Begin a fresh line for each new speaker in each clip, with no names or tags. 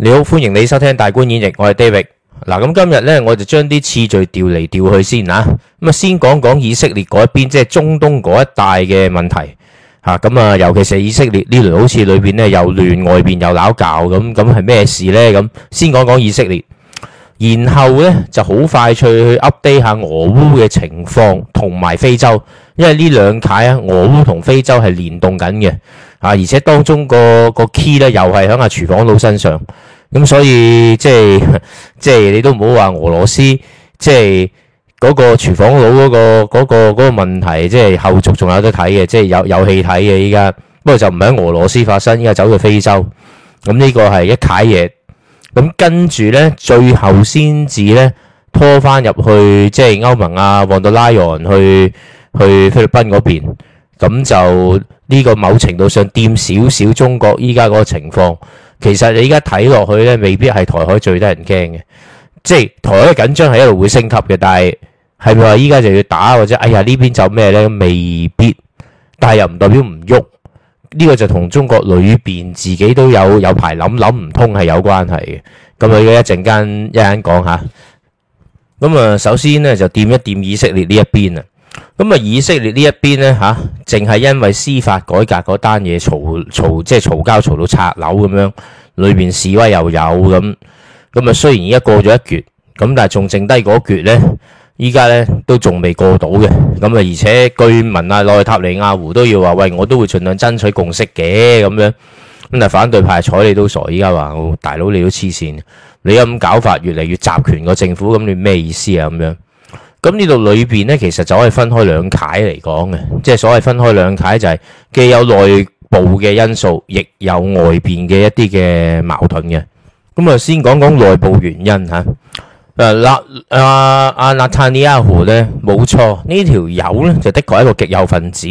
你好，歡迎你收聽大觀演繹，我係 David。嗱，咁今日呢，我就將啲次序調嚟調去先啊。咁啊，先講講以色列嗰一邊，即係中東嗰一帶嘅問題啊。咁啊，尤其是以色列呢輪，好似裏邊呢又亂，外邊又鬧交咁，咁係咩事呢？咁先講講以色列，然後呢就好快脆去 update 下俄烏嘅情況同埋非洲，因為呢兩屆啊，俄烏同非洲係聯動緊嘅。啊！而且當中個個 key 咧，又係喺阿廚房佬身上。咁所以即係即係你都唔好話俄羅斯，即係嗰個廚房佬嗰個嗰個嗰個問題，即係後續仲有得睇嘅，即係有有戲睇嘅依家。不過就唔喺俄羅斯發生，依家走到非洲。咁呢個係一攤嘢。咁跟住咧，最後先至咧拖翻入去，即係歐盟啊，旺到拉洋去去菲律賓嗰邊。咁就呢個某程度上掂少少中國依家嗰個情況，其實你依家睇落去咧，未必係台海最得人驚嘅，即係台海緊張係一路會升級嘅，但係係咪話依家就要打或者哎呀呢邊走咩咧？未必，但係又唔代表唔喐，呢個就同中國裏邊自己都有有排諗諗唔通係有關係嘅。咁啊，一陣間一陣間講一下。咁啊，首先咧就掂一掂以色列呢一邊啊。咁啊，以色列呢一邊咧吓，淨係因為司法改革嗰單嘢嘈嘈，即係嘈交嘈到拆樓咁樣，裏邊示威又有咁。咁啊，雖然而家過咗一決，咁但係仲剩低嗰一決咧，依家咧都仲未過到嘅。咁啊，而且據聞啊，內塔尼亞胡都要話喂，我都會盡量爭取共識嘅咁樣。咁但反對派睬你都傻，依家話大佬你都黐線，你咁搞法越嚟越集權個政府，咁你咩意思啊咁樣？咁呢度裏邊呢，其實就可以分開兩楷嚟講嘅，即係所謂分開兩楷，就係、是、既有內部嘅因素，亦有外邊嘅一啲嘅矛盾嘅。咁啊，先講講內部原因吓。誒，納阿阿納塔尼亞胡呢，冇錯，呢條友呢，就的確係一個極右分子。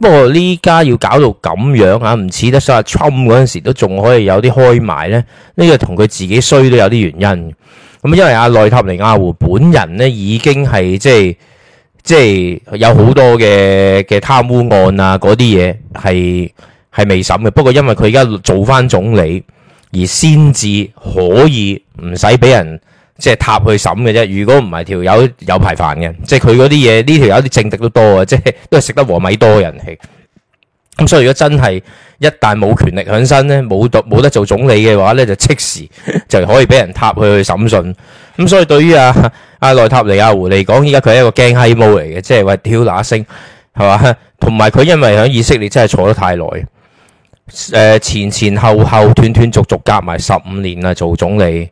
不過呢家要搞到咁樣吓，唔似得，所謂特朗普嗰陣時都仲可以有啲開賣呢。呢個同佢自己衰都有啲原因。咁因為阿內塔尼亞胡本人咧，已經係即係即係有好多嘅嘅貪污案啊，嗰啲嘢，係係未審嘅。不過因為佢而家做翻總理，而先至可以唔使俾人即係塔去審嘅啫。如果唔係，條友有排犯嘅，即係佢嗰啲嘢，呢條友啲政敵，都多啊，即係都係食得禾米多人氣。咁、嗯、所以如果真係一旦冇權力喺身咧，冇冇得，得做總理嘅話咧，就即時就可以俾人踏去去審訊。咁、嗯、所以對於阿、啊、阿、啊、內塔尼亞胡嚟講，依家佢係一個驚閪毛嚟嘅，即係話屌那星係嘛？同埋佢因為喺以色列真係坐得太耐，誒、呃、前前後後斷斷續續夾埋十五年啦做總理，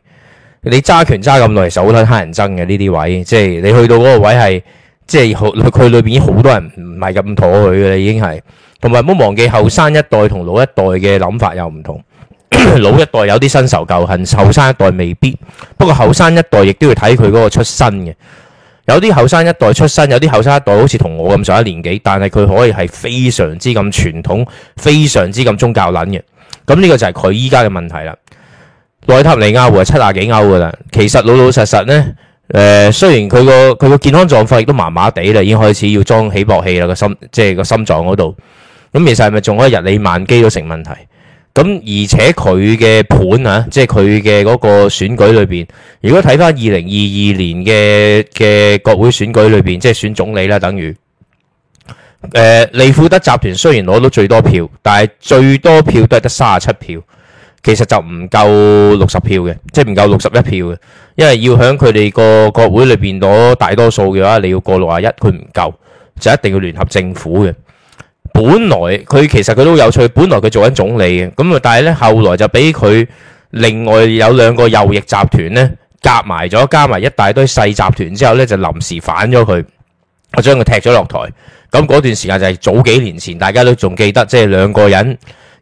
你揸權揸咁耐，手都好撚乞人憎嘅呢啲位，即、就、係、是、你去到嗰個位係。即係好佢裏邊已經好多人唔係咁妥佢嘅，已經係。同埋唔好忘記後生一代同老一代嘅諗法又唔同。 老一代有啲新仇舊恨，後生一代未必。不過後生一代亦都要睇佢嗰個出身嘅。有啲後生一代出身，有啲後生一代好似同我咁上一年紀，但係佢可以係非常之咁傳統，非常之咁宗教捻嘅。咁呢個就係佢依家嘅問題啦。內塔尼亞胡係七廿幾歐噶啦，其實老老實實呢。誒、呃，雖然佢個佢個健康狀況亦都麻麻地啦，已經開始要裝起搏器啦，個心即係個心臟嗰度。咁其實係咪仲可以日理萬機都成問題？咁而且佢嘅盤吓、啊，即係佢嘅嗰個選舉裏邊，如果睇翻二零二二年嘅嘅國會選舉裏邊，即係選總理啦，等於誒、呃，利庫德集團雖然攞到最多票，但係最多票都係得卅七票。其實就唔夠六十票嘅，即係唔夠六十一票嘅，因為要響佢哋個國會裏邊攞大多數嘅話，你要過六啊一，佢唔夠，就一定要聯合政府嘅。本來佢其實佢都有趣，本來佢做緊總理嘅，咁啊，但係呢，後來就俾佢另外有兩個右翼集團呢夾埋咗，加埋一大堆細集團之後呢，就臨時反咗佢，我將佢踢咗落台。咁嗰段時間就係早幾年前，大家都仲記得，即係兩個人。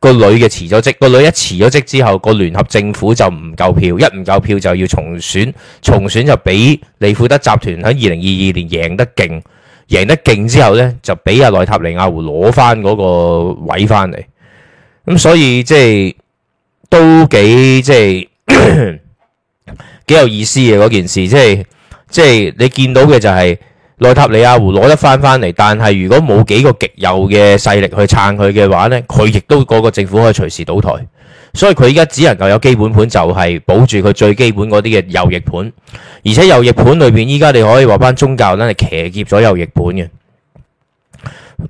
個女嘅辭咗職，個女一辭咗職之後，個聯合政府就唔夠票，一唔夠票就要重選，重選就俾利庫德集團喺二零二二年贏得勁，贏得勁之後呢，就俾阿內塔尼亞胡攞翻嗰個位翻嚟。咁所以即係都幾即係 幾有意思嘅嗰件事，即係即係你見到嘅就係。內塔尼亞胡攞得翻翻嚟，但係如果冇幾個極右嘅勢力去撐佢嘅話咧，佢亦都個個政府可以隨時倒台。所以佢而家只能夠有基本盤，就係保住佢最基本嗰啲嘅右翼盤，而且右翼盤裏邊依家你可以話翻宗教咧係騎劫咗右翼盤嘅。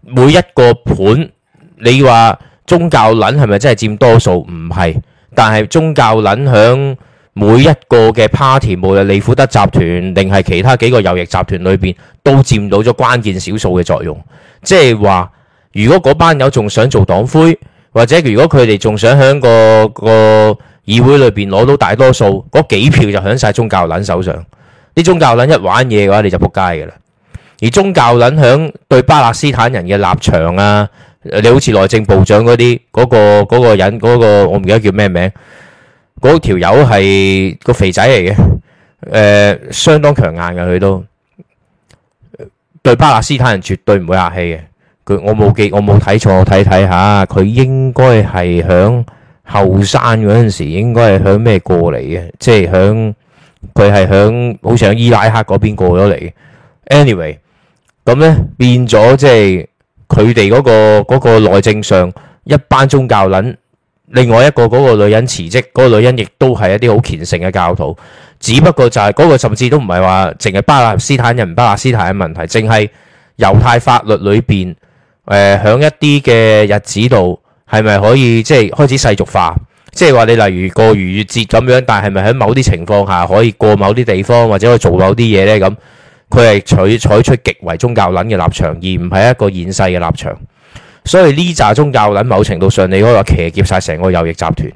每一個盤，你話宗教捻係咪真係佔多數？唔係，但係宗教捻響。每一個嘅 party，無論利庫德集團，定係其他幾個右翼集團裏邊，都佔到咗關鍵少數嘅作用。即係話，如果嗰班友仲想做黨魁，或者如果佢哋仲想喺個個議會裏邊攞到大多數，嗰幾票就喺晒宗教撚手上。啲宗教撚一玩嘢嘅話，你就仆街㗎啦。而宗教撚喺對巴勒斯坦人嘅立場啊，你好似內政部長嗰啲嗰個嗰個人，嗰個，我唔記得叫咩名。嗰條友係個肥仔嚟嘅，誒、呃，相當強硬嘅佢都對巴勒斯坦人絕對唔會客氣嘅。佢我冇記，我冇睇錯，我睇睇下佢應該係響後生嗰陣時應該，應該係響咩過嚟嘅？即係響佢係響好似響伊拉克嗰邊過咗嚟。嘅。anyway，咁咧變咗即係佢哋嗰個嗰內、那個、政上一班宗教捻。另外一個嗰、那個女人辭職，嗰、那個女人亦都係一啲好虔誠嘅教徒，只不過就係、是、嗰、那個甚至都唔係話淨係巴勒斯坦人、巴勒斯坦嘅問題，淨係猶太法律裏邊，誒、呃、響一啲嘅日子度係咪可以即係、就是、開始世俗化？即係話你例如過逾越節咁樣，但係咪喺某啲情況下可以過某啲地方或者可以做某啲嘢呢？咁佢係取採取極為宗教捻嘅立場，而唔係一個現世嘅立場。所以呢，扎宗教捻某程度上，你可以話騎劫晒成個右翼集團。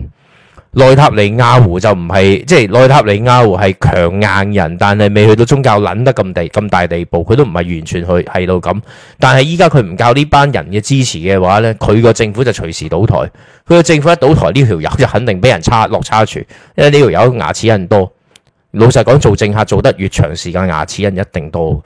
內塔尼亞胡就唔係，即係內塔尼亞胡係強硬人，但係未去到宗教捻得咁地咁大地步，佢都唔係完全去係到咁。但係依家佢唔教呢班人嘅支持嘅話呢，佢個政府就隨時倒台。佢個政府一倒台，呢條友就肯定俾人差落差處，因為呢條友牙齒印多。老實講，做政客做得越長時間，牙齒印一定多。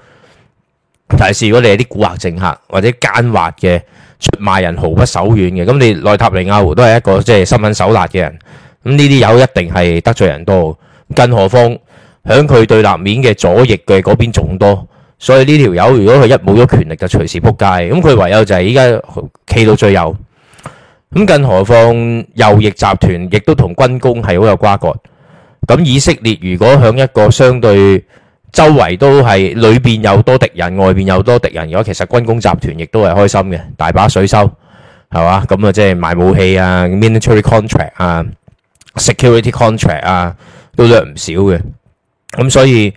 但係，如果你係啲蠱惑政客或者奸滑嘅，出賣人毫不手軟嘅，咁你內塔尼亞胡都係一個即係心狠手辣嘅人，咁呢啲友一定係得罪人多，更何況響佢對立面嘅左翼嘅嗰邊仲多，所以呢條友如果佢一冇咗權力就隨時扑街，咁佢唯有就係依家企到最右，咁更何況右翼集團亦都同軍工係好有瓜葛，咁以色列如果響一個相對。周圍都係裏邊又多敵人，外邊又多敵人。如果其實軍工集團亦都係開心嘅，大把水收，係嘛？咁啊，即係賣武器啊，military contract 啊，security contract 啊，都掠唔少嘅。咁所以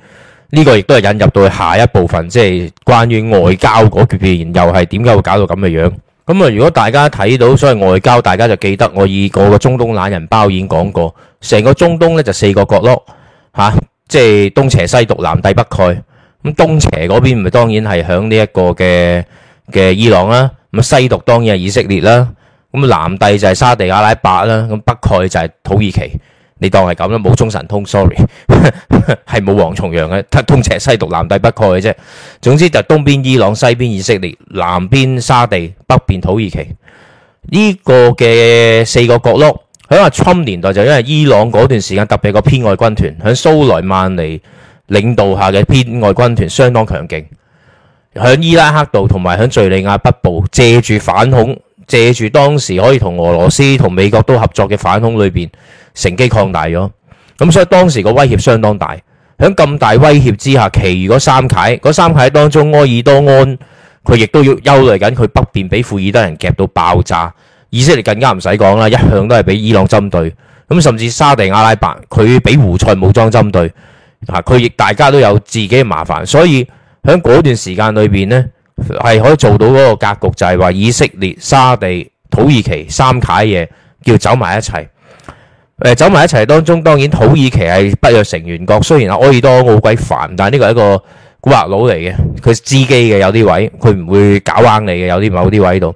呢個亦都係引入到下一部分，即係關於外交嗰邊，又係點解會搞到咁嘅樣？咁啊，如果大家睇到所謂外交，大家就記得我以個中東懶人包已經講過，成個中東呢就四個角落，吓。即係東邪西毒南帝北丐，咁東邪嗰邊咪當然係響呢一個嘅嘅伊朗啦，咁西毒當然係以色列啦，咁南帝就係沙地阿拉伯啦，咁北丐就係土耳其。你當係咁啦，冇中神通，sorry，係冇王重陽嘅，得東邪西毒南帝北丐嘅啫。總之就東邊伊朗、西邊以色列、南邊沙地、北邊土耳其呢個嘅四個角落。喺阿侵年代就因為伊朗嗰段時間，特別個偏外軍團喺蘇萊曼尼領導下嘅偏外軍團相當強勁，喺伊拉克度同埋喺敘利亞北部借住反恐，借住當時可以同俄羅斯同美國都合作嘅反恐裏邊，乘機擴大咗，咁所以當時個威脅相當大。喺咁大威脅之下，其餘嗰三楔嗰三楔喺當中，埃爾多安佢亦都要憂慮緊，佢北邊俾庫爾德人夾到爆炸。以色列更加唔使講啦，一向都係俾伊朗針對，咁甚至沙地阿拉伯佢俾胡塞武裝針對，啊佢亦大家都有自己嘅麻煩，所以喺嗰段時間裏邊咧係可以做到嗰個格局，就係話以色列、沙地、土耳其三卡嘢叫走埋一齊。誒，走埋一齊當中當然土耳其係北約成員國，雖然阿埃爾多安好鬼煩，但呢個係一個古惑佬嚟嘅，佢知機嘅有啲位，佢唔會搞掹你嘅有啲某啲位度。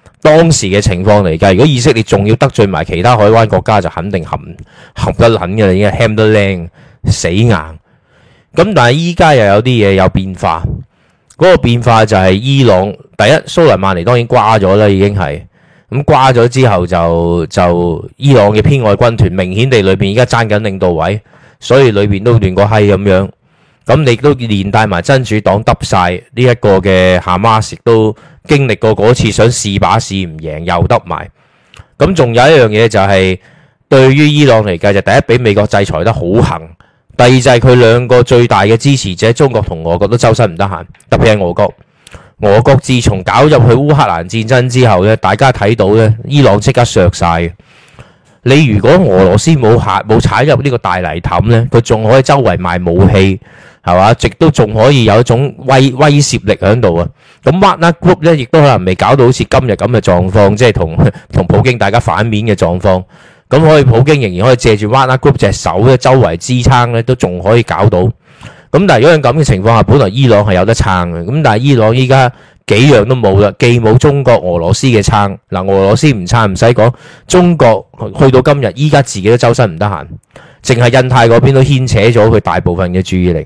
當時嘅情況嚟㗎。如果以色列仲要得罪埋其他海灣國家，就肯定含含得撚嘅，已經喊得靚死硬。咁但係依家又有啲嘢有變化，嗰、嗰個變化就係伊朗第一，蘇萊曼尼當然瓜咗啦，已經係咁瓜咗之後就就伊朗嘅偏愛軍團明顯地裏邊而家爭緊領導位，所以裏邊都亂過閪咁樣。咁你都連帶埋真主黨揼晒呢一個嘅哈馬斯都經歷過嗰次想試把試唔贏，又揼埋。咁仲有一樣嘢就係、是、對於伊朗嚟計就第一俾美國制裁得好行，第二就係佢兩個最大嘅支持者中國同俄國都周身唔得閒，特別係俄國。俄國自從搞入去烏克蘭戰爭之後咧，大家睇到呢，伊朗即刻削晒。你如果俄羅斯冇下冇踩入呢個大泥凼，呢佢仲可以周圍賣武器。係嘛，直都仲可以有一種威威懾力喺度啊！咁 Wagner Group 咧，亦都可能未搞到好似今日咁嘅狀況，即係同同普京大家反面嘅狀況。咁可以普京仍然可以借住 Wagner Group 隻手咧，周圍支撐咧，都仲可以搞到。咁但係如果咁嘅情況下，本來伊朗係有得撐嘅。咁但係伊朗依家幾樣都冇啦，既冇中國、俄羅斯嘅撐。嗱、呃，俄羅斯唔撐，唔使講中國去到今日，依家自己都周身唔得閒，淨係印太嗰邊都牽扯咗佢大部分嘅注意力。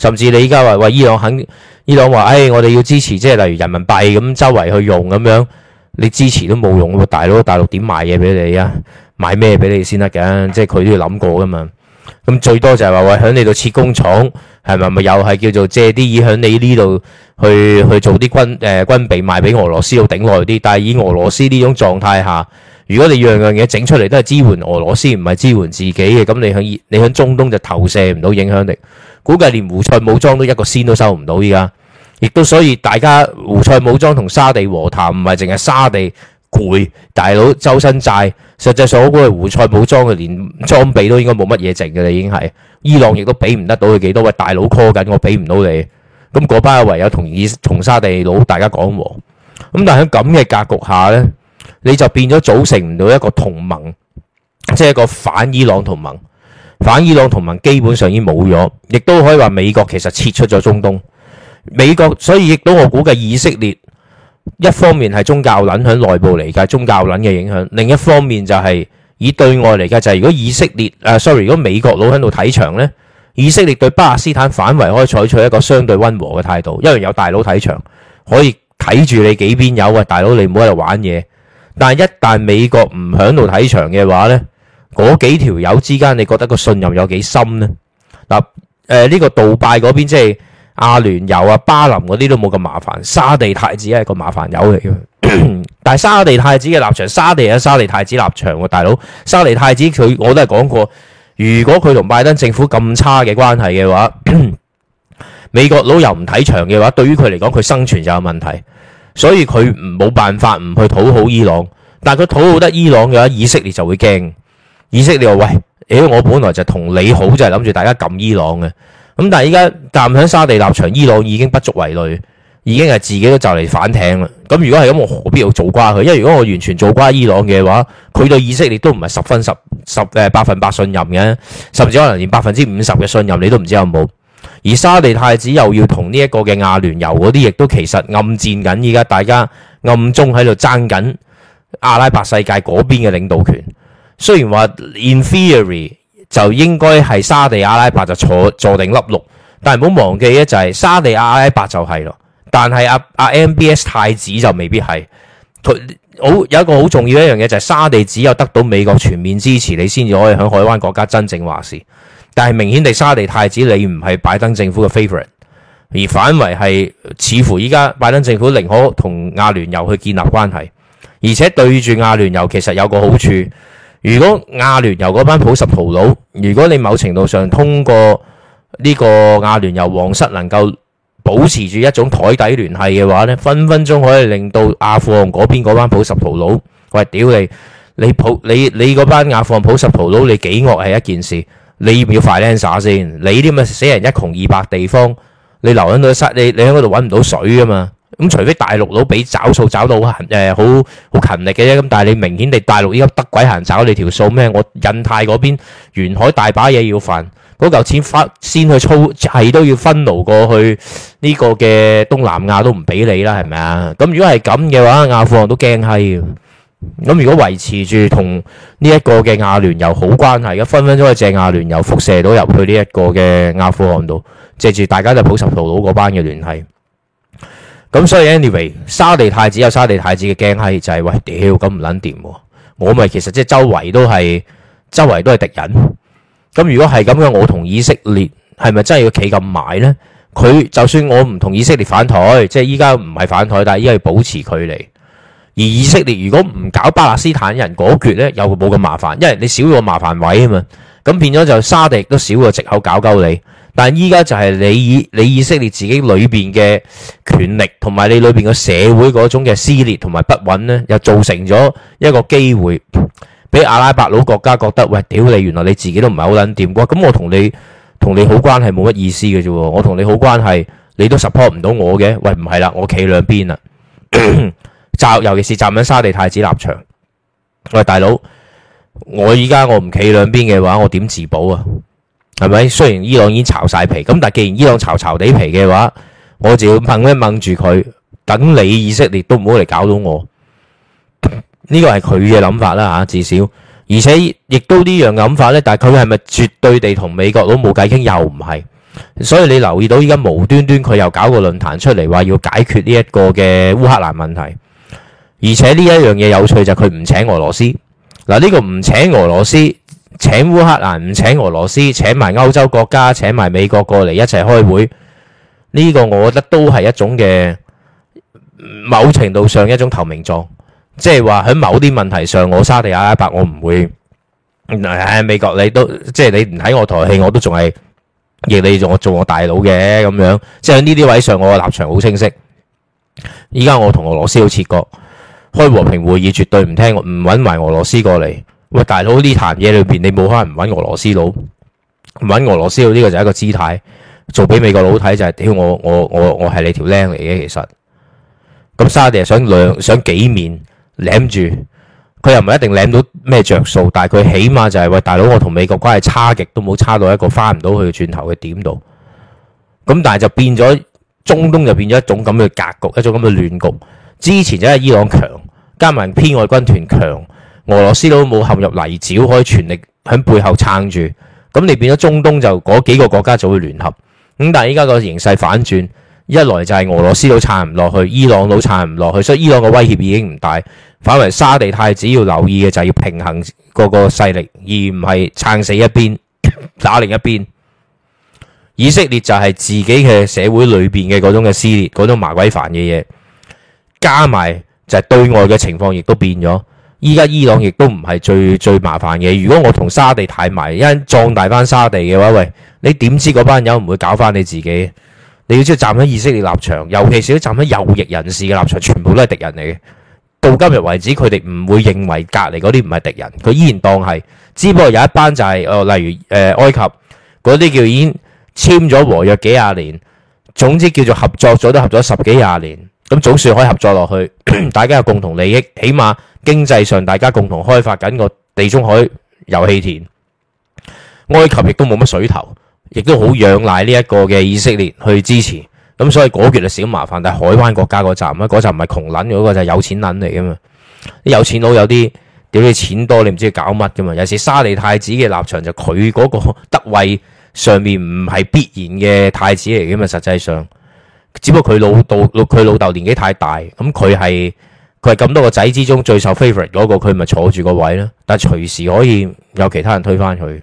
甚至你依家話，喂，伊朗肯伊朗話，誒、哎、我哋要支持，即係例如人民幣咁周圍去用咁樣，你支持都冇用喎，大佬，大陸點賣嘢俾你啊？買咩俾你先得㗎？即係佢都要諗過㗎嘛。咁最多就係話喂，喺你度設工廠係咪咪又係叫做借啲意喺你呢度去去做啲軍誒、呃、軍備賣俾俄羅斯要頂耐啲？但係以俄羅斯呢種狀態下，如果你樣樣嘢整出嚟都係支援俄羅斯，唔係支援自己嘅，咁你喺你喺中東，東就投射唔到影響力。估計連胡塞武裝都一個仙都收唔到，依家亦都所以大家胡塞武裝同沙地和談唔係淨係沙地攰，大佬周身債，實際上我估係胡塞武裝嘅連裝備都應該冇乜嘢剩嘅啦，已經係伊朗亦都俾唔得到佢幾多位，大佬 call 緊，我俾唔到你，咁嗰班唯有同意同沙地佬大家講和。咁但喺咁嘅格局下咧，你就變咗組成唔到一個同盟，即係一個反伊朗同盟。反伊朗同盟基本上已經冇咗，亦都可以話美國其實撤出咗中東。美國所以亦都我估計以色列，一方面係宗教捻響內部嚟嘅宗教捻嘅影響，另一方面就係、是、以對外嚟嘅就係如果以色列誒、啊、，sorry，如果美國佬喺度睇場呢，以色列對巴勒斯坦反而可以採取一個相對溫和嘅態度，因為有大佬睇場可以睇住你幾邊有。啊，大佬你唔好喺度玩嘢。但係一旦美國唔響度睇場嘅話呢。嗰幾條友之間，你覺得個信任有幾深呢？嗱、呃，誒、這、呢個杜拜嗰邊即係阿聯酋啊、巴林嗰啲都冇咁麻煩，沙地太子係個麻煩友嚟嘅。但係沙地太子嘅立場，沙地啊、沙地太子立場喎，大佬沙地太子佢我都係講過，如果佢同拜登政府咁差嘅關係嘅話， 美國佬又唔睇場嘅話，對於佢嚟講佢生存就有問題，所以佢冇辦法唔去討好伊朗。但係佢討好得伊朗嘅話，嘅有以色列就會驚。以色列話喂，誒、欸、我本來就同你好就係諗住大家撳伊朗嘅，咁但係依家站喺沙地立場，伊朗已經不足為慮，已經係自己都就嚟反艇啦。咁如果係咁，我何必要做瓜佢？因為如果我完全做瓜伊朗嘅話，佢對以色列都唔係十分十十誒、呃、百分百信任嘅，甚至可能連百分之五十嘅信任你都唔知有冇。而沙地太子又要同呢一個嘅亞聯酋嗰啲，亦都其實暗戰緊依家，大家暗中喺度爭緊阿拉伯世界嗰邊嘅領導權。雖然話，in theory 就應該係沙地阿拉伯就坐坐定粒六，但係唔好忘記咧，就係、是、沙地阿拉伯就係咯。但係阿阿 M B S 太子就未必係好，有一個好重要一樣嘢，就係、是、沙地只有得到美國全面支持你，你先至可以喺海灣國家真正話事。但係明顯地，沙地太子你唔係拜登政府嘅 favorite，而反為係似乎依家拜登政府寧可同阿聯酋去建立關係，而且對住阿聯酋其實有個好處。如果亞聯酋嗰班普什圖佬，如果你某程度上通過呢個亞聯酋皇室能夠保持住一種台底聯繫嘅話呢，分分鐘可以令到阿富汗嗰邊嗰班普什圖佬，喂，屌你，你普你你嗰班阿富汗普什圖佬，你幾惡係一件事，你要唔要快啲耍先？你啲咁死人一窮二白地方，你留喺度塞，你你喺嗰度揾唔到水啊嘛！咁除非大陸佬俾找數找到好勤，誒，好好勤力嘅啫，咁但係你明顯地大陸依家得鬼閑找你條數咩？我印太嗰邊沿海大把嘢要煩，嗰嚿錢先去操係都要分勞過去呢個嘅東南亞都唔俾你啦，係咪啊？咁如果係咁嘅話，阿富汗都驚閪嘅。咁如果維持住同呢一個嘅亞聯油好關係嘅，分分鐘係借亞聯油輻射到入去呢一個嘅阿富汗度，藉住大家都普什圖佬嗰班嘅聯繫。咁所以 anyway，沙地太子有沙地太子嘅驚嘿，就係、是、喂屌咁唔撚掂喎，我咪其實即係周圍都係周圍都係敵人。咁如果係咁樣，我同以色列係咪真係要企咁埋呢？佢就算我唔同以色列反台，即係依家唔係反台，但係依家要保持距離。而以色列如果唔搞巴勒斯坦人嗰橛呢，又冇咁麻煩，因為你少咗個麻煩位啊嘛。咁變咗就沙地都少個藉口搞鳩你。但依家就係你以你以色列自己裏邊嘅權力，同埋你裏邊個社會嗰種嘅撕裂同埋不穩呢，又造成咗一個機會，俾阿拉伯佬國家覺得喂，屌你，原來你自己都唔係好捻掂嘅，咁我同你同你好關係冇乜意思嘅啫。我同你好關係，你都 support 唔到我嘅，喂唔係啦，我企兩邊啦，尤其是站喺沙地太子立場，喂大佬，我依家我唔企兩邊嘅話，我點自保啊？係咪？雖然伊朗已經巢晒皮，咁但係既然伊朗巢巢地皮嘅話，我就要掹一掹住佢，等你以色列都唔好嚟搞到我。呢個係佢嘅諗法啦吓，至少而且亦都呢樣諗法呢，但係佢係咪絕對地同美國佬冇偈傾？又唔係。所以你留意到依家無端端佢又搞個論壇出嚟，話要解決呢一個嘅烏克蘭問題。而且呢一樣嘢有趣就係佢唔請俄羅斯嗱，呢個唔請俄羅斯。請烏克蘭唔請俄羅斯，請埋歐洲國家，請埋美國過嚟一齊開會，呢、這個我覺得都係一種嘅某程度上一種投名狀，即係話喺某啲問題上，我沙地阿拉伯我唔會，誒、呃、美國你都即係你唔睇我台戲，我都仲係認你做我做我大佬嘅咁樣，即係喺呢啲位上我嘅立場好清晰。依家我同俄羅斯好切割，開和平會議絕對唔聽唔揾埋俄羅斯過嚟。喂，大佬呢壇嘢裏邊，你冇可能唔揾俄羅斯佬，揾俄羅斯佬呢個就係一個姿態，做俾美國佬睇，就係屌我我我我係你條僆嚟嘅。其實咁沙地想兩想幾面擸住，佢又唔一定擸到咩着數，但係佢起碼就係喂大佬，我同美國關係差極都冇差到一個翻唔到去轉頭嘅點度，咁但係就變咗中東就變咗一種咁嘅格局，一種咁嘅亂局。之前就係伊朗強，加埋偏愛軍團強。俄羅斯都冇陷入泥沼，可以全力喺背後撐住，咁你變咗中東就嗰幾個國家就會聯合。咁但係依家個形勢反轉，一來就係俄羅斯都撐唔落去，伊朗都撐唔落去，所以伊朗嘅威脅已經唔大。反為沙地太子要留意嘅就係要平衡各個勢力，而唔係撐死一邊 打另一邊。以色列就係自己嘅社會裏邊嘅嗰種嘅撕裂，嗰種麻鬼煩嘅嘢，加埋就係對外嘅情況亦都變咗。依家伊朗亦都唔係最最麻煩嘅。如果我同沙地太埋，一陣壯大班沙地嘅話，喂，你點知嗰班人唔會搞翻你自己？你要知道站喺以色列立場，尤其是站喺右翼人士嘅立場，全部都係敵人嚟嘅。到今日為止，佢哋唔會認為隔離嗰啲唔係敵人，佢依然當係。只不過有一班就係、是，哦、呃，例如誒、呃、埃及嗰啲叫已經簽咗和約幾廿年，總之叫做合作咗都合咗十幾廿年。咁總算可以合作落去， 大家有共同利益，起碼經濟上大家共同開發緊個地中海油氣田。埃及亦都冇乜水頭，亦都好仰賴呢一個嘅以色列去支持。咁所以嗰橛啊少麻煩，但係海灣國家嗰站咧，嗰站唔係窮撚嗰個，就係有錢撚嚟噶嘛。啲有錢佬有啲屌你錢多，你唔知搞乜噶嘛。有時沙地太子嘅立場就佢嗰個得位上面唔係必然嘅太子嚟噶嘛，實際上。只不過佢老豆佢老豆年紀太大，咁佢係佢係咁多個仔之中最受 favorite 嗰、那個，佢咪坐住個位咧？但係隨時可以有其他人推翻佢。咁、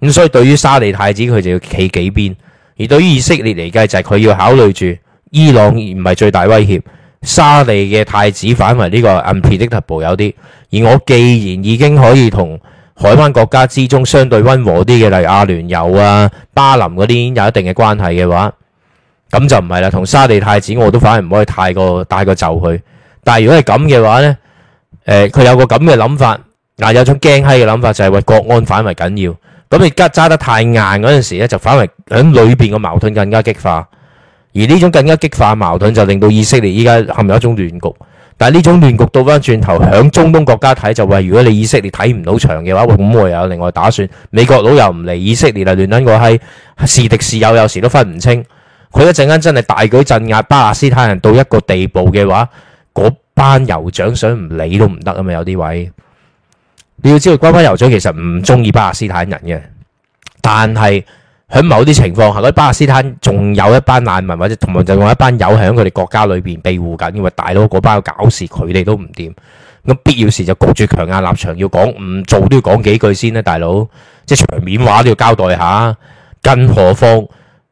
嗯、所以對於沙地太子，佢就要企幾邊；而對於以色列嚟計，就係、是、佢要考慮住伊朗而唔係最大威脅，沙地嘅太子反為呢個 unpredictable 有啲。而我既然已經可以同海灣國家之中相對溫和啲嘅，例如阿聯酋啊、巴林嗰啲有一定嘅關係嘅話，咁就唔係啦，同沙地太子我都反而唔可以太過帶個就佢。但係如果係咁嘅話呢，佢、呃、有個咁嘅諗法，嗱、呃，有種驚閪嘅諗法就係、是、話國安反為緊要。咁你揸揸得太硬嗰陣時呢，就反為響裏邊嘅矛盾更加激化。而呢種更加激化矛盾就令到以色列依家陷入一種亂局。但係呢種亂局到翻轉頭響中東國家睇就話，如果你以色列睇唔到場嘅話，咁我又有另外打算。美國佬又唔嚟，以色列啊亂緊個閪，是敵是友有，有時都分唔清。佢一陣間真係大舉鎮壓巴勒斯坦人到一個地步嘅話，嗰班酋長想唔理都唔得啊嘛！有啲位你要知道，嗰班酋長其實唔中意巴勒斯坦人嘅，但係喺某啲情況下，嗰啲巴勒斯坦仲有一班難民或者同埋就用一班友喺佢哋國家裏邊庇護緊，因為大佬嗰班搞事，佢哋都唔掂，咁必要時就焗住強硬立場要，要講唔做都要講幾句先啦，大佬，即係場面話都要交代下，更何況，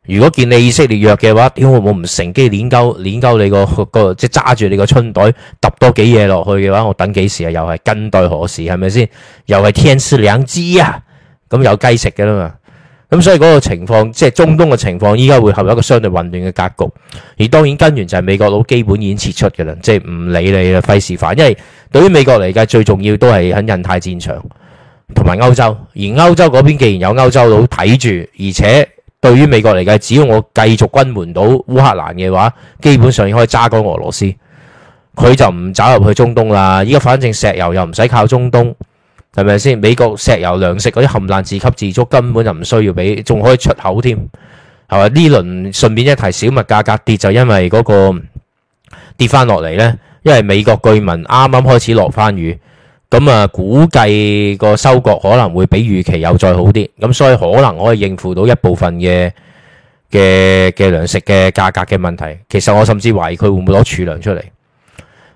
如果見你以色列弱嘅話，點會唔乘機攣鳩攣鳩你個個即揸住你個春袋揼多幾嘢落去嘅話，我等幾時跟對是是是是啊？又係近代何時係咪先？又係天時兩支啊！咁有雞食嘅啦嘛。咁所以嗰個情況即係中東嘅情況，依家會陷入一個相對混亂嘅格局。而當然根源就係美國佬基本已經撤出嘅啦，即係唔理你啦，費事煩。因為對於美國嚟計，最重要都係喺印太戰場同埋歐洲。而歐洲嗰邊既然有歐洲佬睇住，而且，對於美國嚟計，只要我繼續軍援到烏克蘭嘅話，基本上已經可以揸乾俄羅斯，佢就唔走入去中東啦。而家反正石油又唔使靠中東，係咪先？美國石油、糧食嗰啲冚爛自給自足，根本就唔需要俾，仲可以出口添係咪？呢輪順便一提，小麥價格跌就因為嗰個跌翻落嚟呢，因為美國居民啱啱開始落翻雨。咁啊，估計個收割可能會比預期又再好啲，咁所以可能可以應付到一部分嘅嘅嘅糧食嘅價格嘅問題。其實我甚至懷疑佢會唔會攞儲糧出嚟。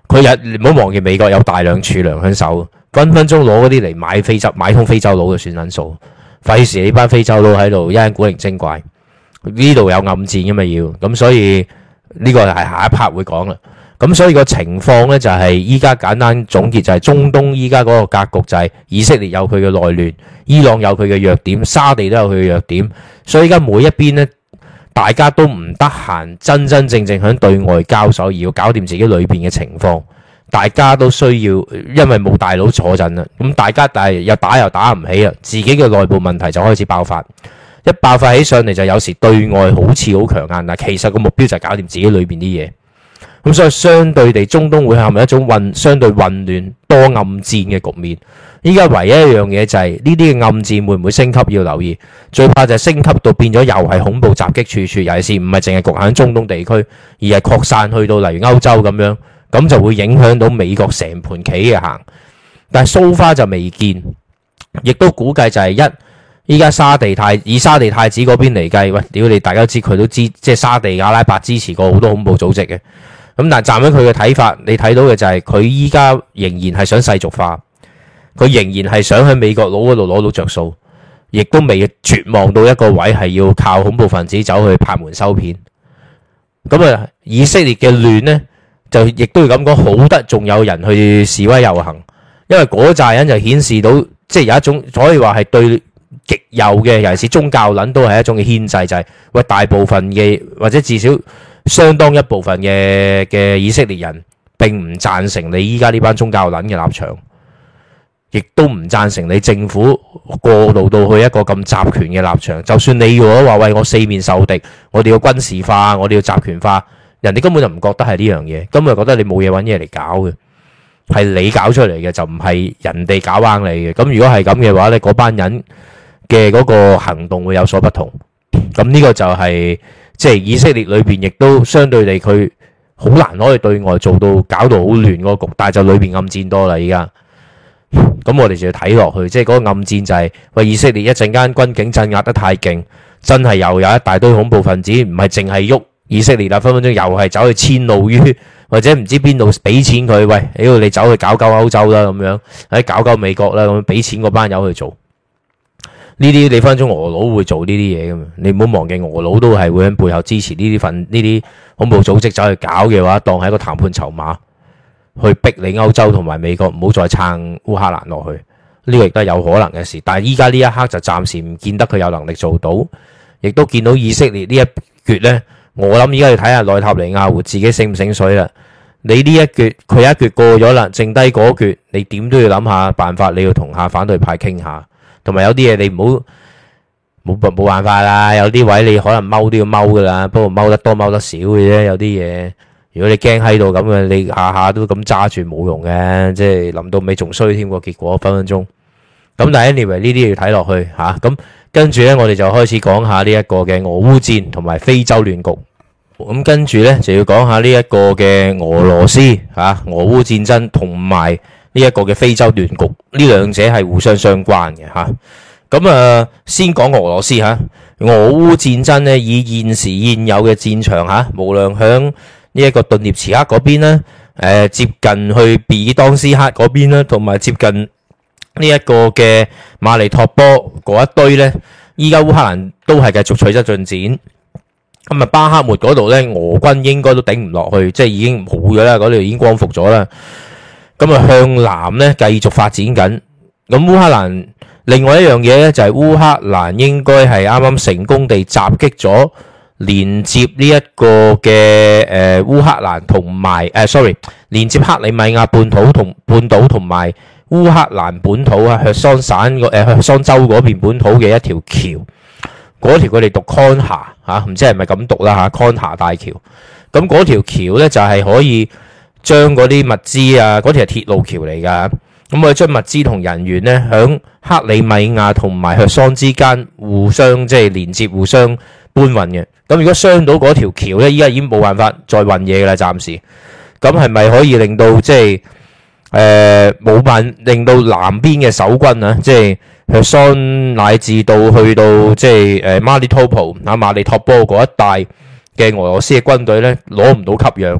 佢日唔好忘記美國有大量儲糧喺手，分分鐘攞嗰啲嚟買非洲，買通非洲佬就算捻數，費事呢班非洲佬喺度一陣古靈精怪。呢度有暗戰噶嘛要，咁所以呢個係下一 part 會講啦。咁所以個情況呢，就係依家簡單總結就係中東依家嗰個格局就係以色列有佢嘅內亂，伊朗有佢嘅弱點，沙地都有佢嘅弱點。所以依家每一邊呢，大家都唔得閒，真真正正響對外交手，而要搞掂自己裏邊嘅情況。大家都需要，因為冇大佬坐陣啦。咁大家但係又打又打唔起啊，自己嘅內部問題就開始爆發。一爆發起上嚟，就有時對外好似好強硬，但其實個目標就係搞掂自己裏邊啲嘢。咁所以，相對地，中東會陷入一種混相對混亂、多暗戰嘅局面。依家唯一一樣嘢就係呢啲嘅暗戰會唔會升級？要留意最怕就係升級到變咗又係恐怖襲擊處處，尤其是唔係淨係局限喺中東地區，而係擴散去到例如歐洲咁樣，咁就會影響到美國成盤棋嘅行。但係蘇花就未見，亦都估計就係一依家沙地太以沙地太子嗰邊嚟計，喂，屌你！大家知佢都支即係沙地阿拉伯支持過好多恐怖組織嘅。咁但站喺佢嘅睇法，你睇到嘅就係佢依家仍然係想世俗化，佢仍然係想喺美國佬嗰度攞到着數，亦都未絕望到一個位係要靠恐怖分子走去拍門收片。咁啊，以色列嘅亂呢，就亦都要咁講好得，仲有人去示威遊行，因為嗰扎人就顯示到即係、就是、有一種，所以話係對極右嘅尤其是宗教捻都係一種嘅牽制，就係、是、喂大部分嘅或者至少。相當一部分嘅嘅以色列人並唔贊成你依家呢班宗教撚嘅立場，亦都唔贊成你政府過度到去一個咁集權嘅立場。就算你如果話喂，我四面受敵，我哋要軍事化，我哋要集權化，人哋根本就唔覺得係呢樣嘢，根本就覺得你冇嘢搵嘢嚟搞嘅，係你搞出嚟嘅，就唔係人哋搞彎你嘅。咁如果係咁嘅話咧，嗰班人嘅嗰個行動會有所不同。咁呢個就係、是。即係以色列裏邊亦都相對嚟，佢好難可以對外做到搞到好亂嗰個局，但係就裏邊暗戰多啦。而家咁我哋就要睇落去，即係嗰個暗戰就係喂以色列一陣間軍警鎮壓得太勁，真係又有一大堆恐怖分子，唔係淨係喐以色列啦，分分鐘又係走去遷怒於或者唔知邊度俾錢佢喂，你走去搞搞歐洲啦咁樣，喺搞搞美國啦咁俾錢個班友去做。呢啲你分分鐘俄佬會做呢啲嘢㗎嘛？你唔好忘記俄佬都係會喺背後支持呢啲份呢啲恐怖組織走去搞嘅話，當係一個談判籌碼去逼你歐洲同埋美國唔好再撐烏克蘭落去。呢個亦都係有可能嘅事。但係依家呢一刻就暫時唔見得佢有能力做到，亦都見到以色列呢一決呢，我諗依家要睇下內塔尼亞胡自己醒唔醒水啦。你呢一決佢一決過咗啦，剩低嗰決你點都要諗下辦法，你要同下反對派傾下。同埋有啲嘢你唔好冇冇辦法啦，有啲位你可能踎都要踎噶啦，不過踎得多踎得少嘅啫。有啲嘢如果你驚喺度咁嘅，你下下都咁揸住冇用嘅，即係臨到尾仲衰添個結果分分鐘咁，但係 anyway 呢啲要睇落去吓，咁跟住咧我哋就開始講下呢一個嘅俄烏戰同埋非洲亂局，咁跟住咧就要講下呢一個嘅俄羅斯吓，俄烏戰爭同埋。呢一個嘅非洲亂局，呢兩者係互相相關嘅吓。咁啊，先講俄羅斯吓、啊，俄烏戰爭咧，以現時現有嘅戰場吓、啊，無論響呢一個頓涅茨克嗰邊咧，誒、呃、接近去比爾當斯克嗰邊啦，同埋接近呢一個嘅馬尼托波嗰一堆呢，依家烏克蘭都係繼續取得進展。咁啊，嗯、巴赫穆嗰度呢，俄軍應該都頂唔落去，即係已經冇咗啦，嗰度已經光復咗啦。咁啊，向南咧繼續發展緊。咁烏克蘭另外一樣嘢咧，就係烏克蘭應該係啱啱成功地襲擊咗連接呢一個嘅誒烏克蘭同埋誒，sorry，連接克里米亞半島同半島同埋烏克蘭本土啊，赫桑省個誒赫桑州嗰邊本土嘅一條橋。嗰條佢哋讀 conha 吓，唔知係咪咁讀啦吓，conha 大橋。咁嗰條橋咧就係可以。將嗰啲物資啊，嗰條係鐵路橋嚟㗎，咁佢將物資同人員咧喺克里米亞同埋赫桑之間互相即係連接、互相搬運嘅。咁如果傷到嗰條橋咧，依家已經冇辦法再運嘢㗎啦，暫時。咁係咪可以令到即係誒冇辦，令到南邊嘅守軍啊，即係赫桑乃至到去到即係誒馬里托波啊馬里托波嗰一帶嘅俄羅斯嘅軍隊咧攞唔到給養？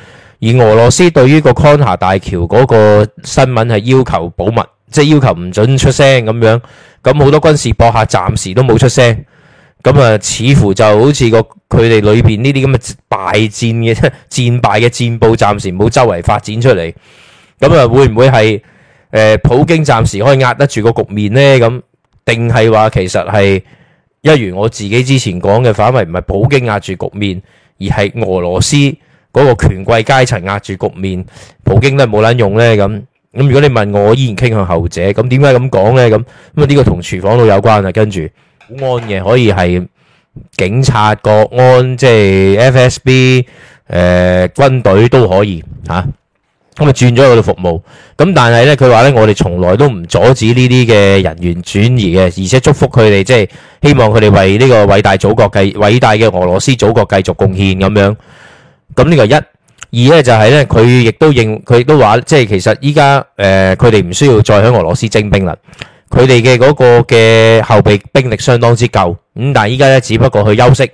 而俄羅斯對於個康下大橋嗰個新聞係要求保密，即係要求唔准出聲咁樣。咁好多軍事博客暫時都冇出聲。咁啊，似乎就好似個佢哋裏邊呢啲咁嘅敗戰嘅戰敗嘅戰報，暫時冇周圍發展出嚟。咁啊，會唔會係誒、呃、普京暫時可以壓得住個局面呢？咁定係話其實係一如我自己之前講嘅反為，唔係普京壓住局面，而係俄羅斯。嗰個權貴階層壓住局面，普京都係冇撚用咧。咁咁，如果你問我，我依然傾向後者。咁點解咁講咧？咁咁啊，呢個同廚房佬有關啊。跟住，安嘅可以係警察、國安，即係 F S B，誒、呃、軍隊都可以嚇。咁啊，轉咗佢哋服務咁，但係咧佢話咧，我哋從來都唔阻止呢啲嘅人員轉移嘅，而且祝福佢哋，即係希望佢哋為呢個偉大祖國繼偉大嘅俄羅斯祖國繼續貢獻咁樣。咁呢個一，二咧就係咧，佢亦都認，佢亦都話，即係其實依家誒，佢哋唔需要再喺俄羅斯徵兵啦。佢哋嘅嗰個嘅後備兵力相當之夠，咁但係依家咧，只不過去休息。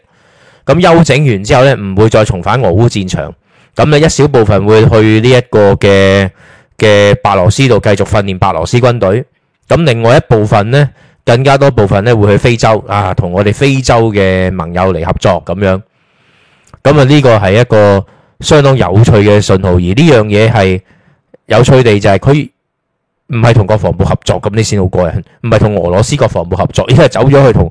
咁休整完之後咧，唔會再重返俄烏戰場。咁咧一小部分會去呢一個嘅嘅白羅斯度繼續訓練白羅斯軍隊。咁另外一部分咧，更加多部分咧會去非洲啊，同我哋非洲嘅盟友嚟合作咁樣。咁啊，呢個係一個相當有趣嘅信號，而呢樣嘢係有趣地就係佢唔係同國防部合作，咁你先好過癮，唔係同俄羅斯國防部合作，而係走咗去同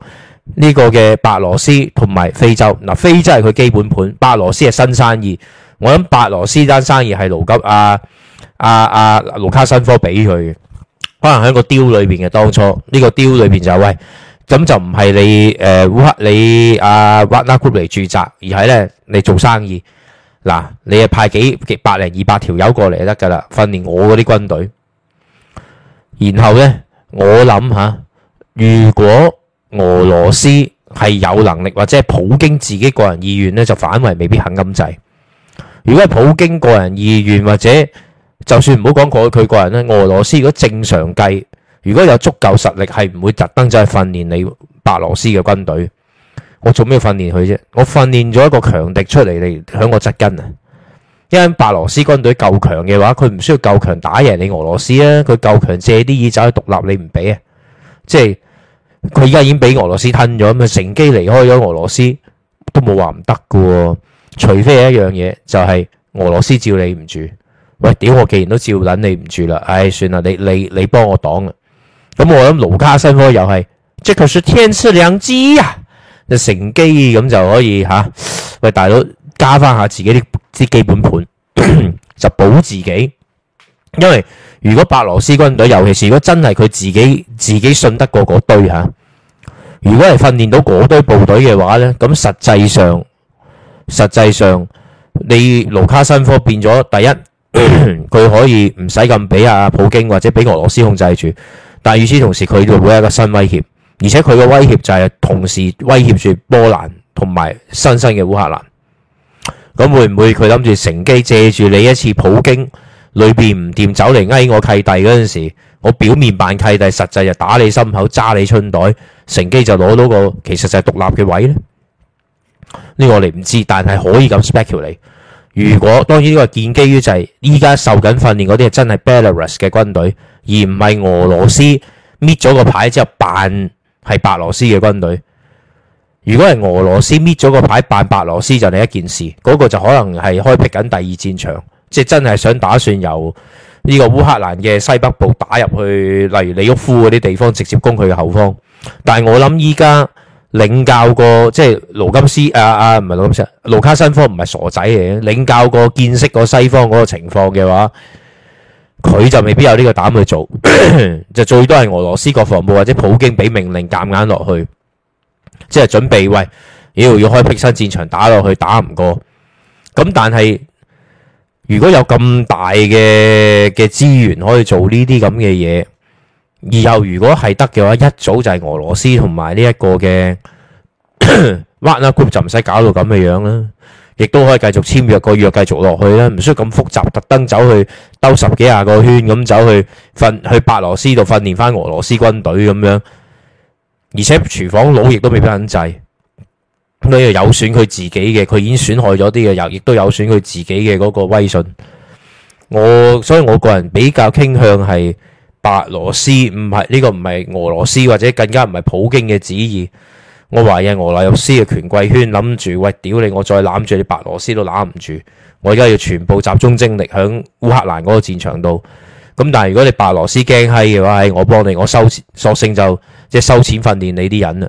呢個嘅白羅斯同埋非洲。嗱，非洲係佢基本盤，白羅斯係新生意。我諗白羅斯單生意係盧吉阿阿阿盧卡申科俾佢，可能喺個 deal 裏邊嘅當初，呢個 deal 裏邊就係。喂咁就唔係你誒烏克里啊 Wagner group 嚟駐紮，而係咧你做生意嗱，你啊派幾百零二百條友過嚟就得㗎啦，訓練我嗰啲軍隊。然後咧，我諗吓，如果俄羅斯係有能力，或者係普京自己個人意願咧，就反為未必肯咁制。如果係普京個人意願，或者就算唔好講佢佢個人咧，俄羅斯如果正常計。如果有足夠實力，係唔會特登走去訓練你白羅斯嘅軍隊。我做咩訓練佢啫？我訓練咗一個強敵出嚟嚟響我側根啊！因為白羅斯軍隊夠強嘅話，佢唔需要夠強打贏你俄羅斯啊。佢夠強借啲意就去獨立，你唔俾啊？即係佢依家已經俾俄羅斯吞咗咁啊，咪乘機離開咗俄羅斯都冇話唔得噶喎。除非係一樣嘢，就係俄羅斯照你唔住。喂，屌！我既然都照撚你唔住啦，唉，算啦，你你你，你幫我擋咁我諗盧卡申科又係，即係說天賜良機啊，就乘機咁就可以吓、啊，喂，大佬加翻下自己啲啲基本盤， 就保自己。因為如果白羅斯軍隊，尤其是如果真係佢自己自己信得過嗰堆嚇、啊，如果係訓練到嗰堆部隊嘅話咧，咁實際上實際上你盧卡申科變咗第一，佢 可以唔使咁俾阿普京或者俾俄羅斯控制住。但係，與此同時，佢會有一個新威脅，而且佢個威脅就係同時威脅住波蘭同埋新生嘅烏克蘭。咁會唔會佢諗住乘機借住你一次普京裏邊唔掂走嚟誒我契弟嗰陣時，我表面扮契弟，實際就打你心口、揸你春袋，乘機就攞到個其實就係獨立嘅位呢？呢、呢個我哋唔知，但係可以咁 speculate。如果當然呢個建基於就係依家受緊訓練嗰啲係真係 Belarus 嘅軍隊。而唔係俄羅斯搣咗個牌之後扮係白羅斯嘅軍隊。如果係俄羅斯搣咗個牌扮白羅斯，就另一件事。嗰、那個就可能係開闢緊第二戰場，即係真係想打算由呢個烏克蘭嘅西北部打入去，例如利沃夫嗰啲地方，直接攻佢嘅後方。但係我諗依家領教過，即係盧金斯啊啊，唔係盧金斯，盧卡申科唔係傻仔嚟嘅，領教過見識過西方嗰個情況嘅話。佢就未必有呢個膽去做， 就最多係俄羅斯國防部或者普京俾命令夾硬落去，即係準備喂，妖要開闢新戰場打落去，打唔過。咁但係如果有咁大嘅嘅資源可以做呢啲咁嘅嘢，而後如果係得嘅話，一早就係俄羅斯同埋呢一個嘅 group 就唔使搞到咁嘅樣啦。亦都可以繼續簽約個約繼續落去啦，唔需要咁複雜，特登走去兜十幾廿個圈，咁走去訓去白羅斯度訓練翻俄羅斯軍隊咁樣，而且廚房佬亦都未必限制，咁呢個有損佢自己嘅，佢已經損害咗啲嘅，又亦都有損佢自己嘅嗰個威信。我所以，我個人比較傾向係白羅斯，唔係呢個唔係俄羅斯，或者更加唔係普京嘅旨意。我懷疑我啦，俄羅斯嘅權貴圈諗住，喂，屌你，我再攬住你白羅斯都攬唔住，我而家要全部集中精力響烏克蘭嗰個戰場度。咁但係如果你白羅斯驚閪嘅話，哎、我幫你，我收索性就即係收錢訓練你啲人啦。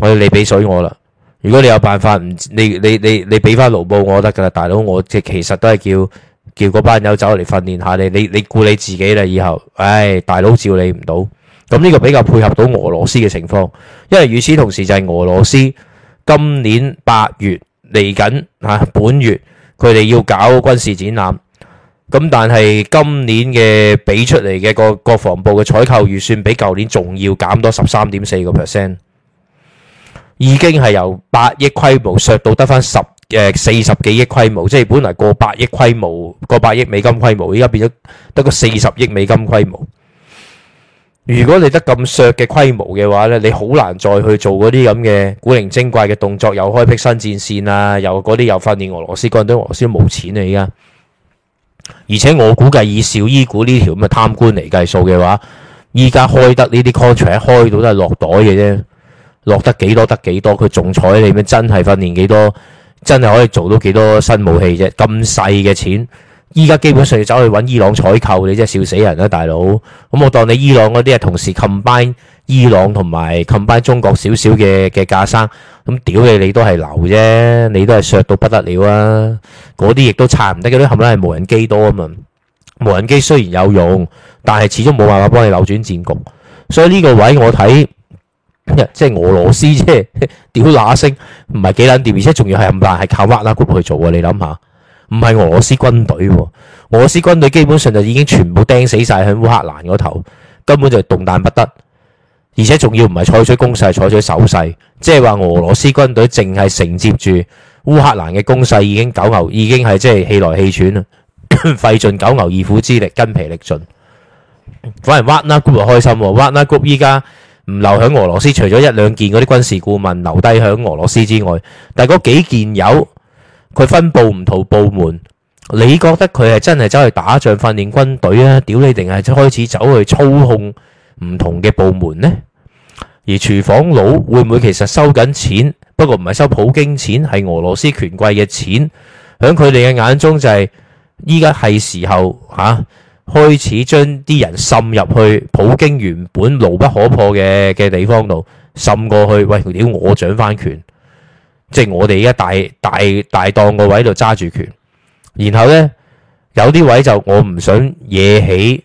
我、哎、你俾水我啦，如果你有辦法唔，你你你你俾翻盧布我得噶啦，大佬我即其實都係叫叫嗰班友走嚟訓練下你，你你顧你自己啦，以後唉、哎，大佬照你唔到。咁呢個比較配合到俄羅斯嘅情況，因為與此同時就係俄羅斯今年八月嚟緊嚇，本月佢哋要搞軍事展覽，咁但係今年嘅俾出嚟嘅個國防部嘅採購預算比舊年仲要減多十三點四個 percent，已經係由百億規模削到得返十誒四十幾億規模，即係本來過百億規模過百億美金規模，依家變咗得個四十億美金規模。如果你得咁削嘅規模嘅話咧，你好難再去做嗰啲咁嘅古靈精怪嘅動作，又開闢新戰線啊，又嗰啲又訓練俄羅斯軍隊，對俄羅斯冇錢啊依家。而且我估計以小依股呢條咁嘅貪官嚟計數嘅話，依家開得呢啲 contract 開到都係落袋嘅啫，落得幾多得幾多，佢仲睬你咩？真係訓練幾多，真係可以做到幾多新武器啫？咁細嘅錢。依家基本上要走去搵伊朗採購，你真係笑死人啦，大佬！咁我當你伊朗嗰啲係同時 combine 伊朗同埋 combine 中國少少嘅嘅架生，咁屌你你都係流啫，你都係削到不得了啊！嗰啲亦都差唔得嘅，呢啲冚係無人機多啊嘛。無人機雖然有用，但係始終冇辦法幫你扭轉戰局。所以呢個位我睇即係俄羅斯，即係屌乸星，唔係幾撚掂，而且仲要係咁大，係靠瓦格納去做啊！你諗下。唔係俄羅斯軍隊，俄羅斯軍隊基本上就已經全部釘死晒喺烏克蘭嗰頭，根本就動彈不得，而且仲要唔係採取攻勢，採取守勢，即係話俄羅斯軍隊淨係承接住烏克蘭嘅攻勢，已經九牛，已經係即係氣來氣喘啦，費盡九牛二虎之力，筋疲力盡，反而 Wagner Group 又開心，Wagner Group 依家唔留響俄羅斯，除咗一兩件嗰啲軍事顧問留低響俄羅斯之外，但係嗰幾件有。佢分佈唔同部門，你覺得佢係真係走去打仗訓練軍隊啊？屌你定係開始走去操控唔同嘅部門呢？而廚房佬會唔會其實收緊錢？不過唔係收普京錢，係俄羅斯權貴嘅錢。喺佢哋嘅眼中就係依家係時候嚇、啊、開始將啲人滲入去普京原本牢不可破嘅嘅地方度滲過去。喂，屌我掌翻權！即係我哋而家大大大檔個位度揸住權，然後咧有啲位就我唔想惹起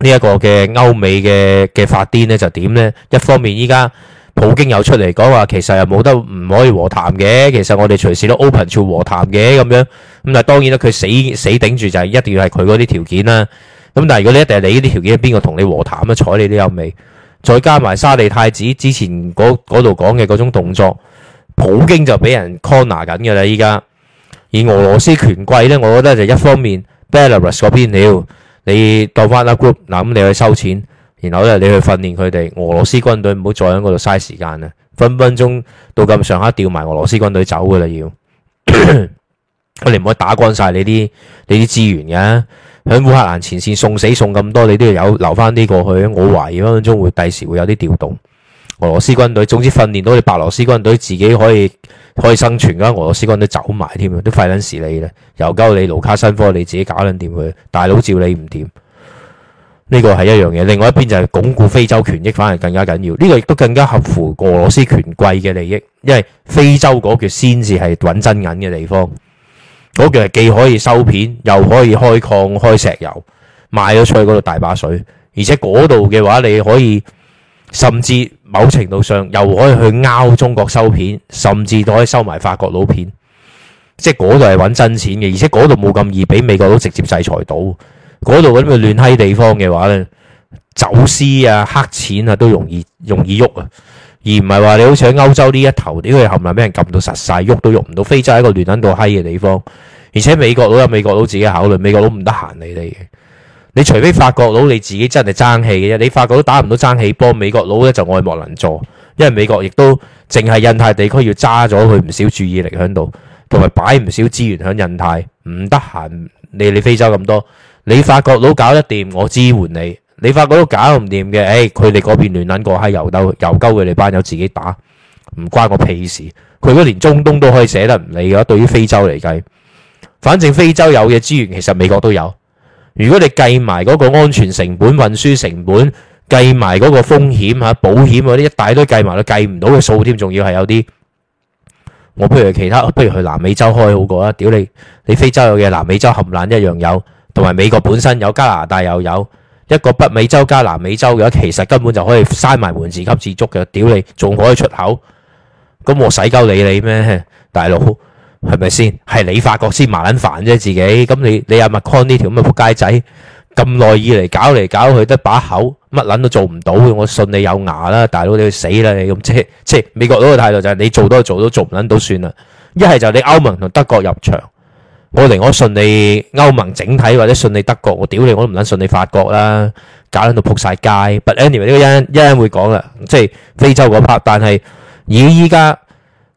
呢一個嘅歐美嘅嘅發癲咧，就點咧？一方面依家普京又出嚟講話，其實又冇得唔可以和談嘅，其實我哋隨時都 open to 和談嘅咁樣。咁但當然啦，佢死死頂住就係、是、一定要係佢嗰啲條件啦。咁但係如果你一定係你呢啲條件，邊個同你和談咁啊？睬你都有味。再加埋沙地太子之前嗰度講嘅嗰種動作。普京就俾人 corner 緊嘅啦，依家。而俄羅斯權貴咧，我覺得就一方面 Belarus 嗰、mm hmm. 邊要，你 Douglas Group 嗱咁，你去收錢，然後咧你去訓練佢哋俄羅斯軍隊，唔好再喺嗰度嘥時間啦，分分鐘到咁上下調埋俄羅斯軍隊走嘅啦要。我哋唔可以打乾晒你啲你啲資源嘅，喺烏克蘭前線送死送咁多，你都要有留翻啲過去。我懷疑分分鐘會第時會有啲調動。俄羅斯軍隊，總之訓練到你白俄羅斯軍隊自己可以可以生存嘅話，俄羅斯軍隊走埋添啊，都費卵事你啦，又交你盧卡申科，你自己搞卵掂佢，大佬照你唔掂，呢個係一樣嘢。另外一邊就係鞏固非洲權益反而更加緊要，呢個亦都更加合乎俄羅斯權貴嘅利益，因為非洲嗰叫先至係搵真銀嘅地方，嗰叫係既可以收片，又可以開礦開石油，賣咗出去嗰度大把水，而且嗰度嘅話你可以。甚至某程度上又可以去勾中國收片，甚至都可以收埋法國佬片，即係嗰度係揾真錢嘅，而且嗰度冇咁易俾美國佬直接制裁到。嗰度嗰啲咩亂閪地方嘅話呢，走私啊、黑錢啊都容易容易喐啊，而唔係話你好似喺歐洲呢一頭，屌佢冚唪唥俾人撳到實晒喐都喐唔到。非洲係一個亂閪到閪亂撚到閪嘅地方，而且美國佬有美國佬自己考慮，美國佬唔得閒你哋嘅。你除非法國佬你自己真係爭氣嘅啫，你法國佬打唔到爭氣波，幫美國佬咧就愛莫能助，因為美國亦都淨係印太地區要揸咗佢唔少注意力喺度，同埋擺唔少資源喺印太，唔得閒你你非洲咁多，你法國佬搞得掂我支援你，你法國佬搞唔掂嘅，誒佢哋嗰邊亂撚個閪油鬥油鳩佢哋班友自己打，唔關我屁事，佢嗰連中東都可以捨得唔理嘅，對於非洲嚟計，反正非洲有嘅資源其實美國都有。如果你計埋嗰個安全成本、運輸成本，計埋嗰個風險嚇、保險嗰啲，一大堆計埋都計唔到嘅數添，仲要係有啲，我不如去其他，不如去南美洲開好過啦。屌你，你非洲有嘅南美洲冚唪唥一樣有，同埋美國本身有，加拿大又有，一個北美洲加南美洲嘅，其實根本就可以閂埋門自給自足嘅。屌你，仲可以出口，咁我使鳩理你咩，大佬？係咪先？係你法國先麻撚煩啫，自己咁你你阿麥康呢條咁嘅撲街仔咁耐以嚟搞嚟搞去得把口乜撚都做唔到嘅，我信你有牙啦，大佬你去死啦！你咁即，即美國佬嘅態度就係你做都做都做唔撚到算啦，一係就你歐盟同德國入場，我嚟，我信你歐盟整體或者信你德國，我屌你我都唔撚信你法國啦，搞撚到撲曬街。But anyway 呢個一陣會講啦，即係非洲嗰 part，但係以依家。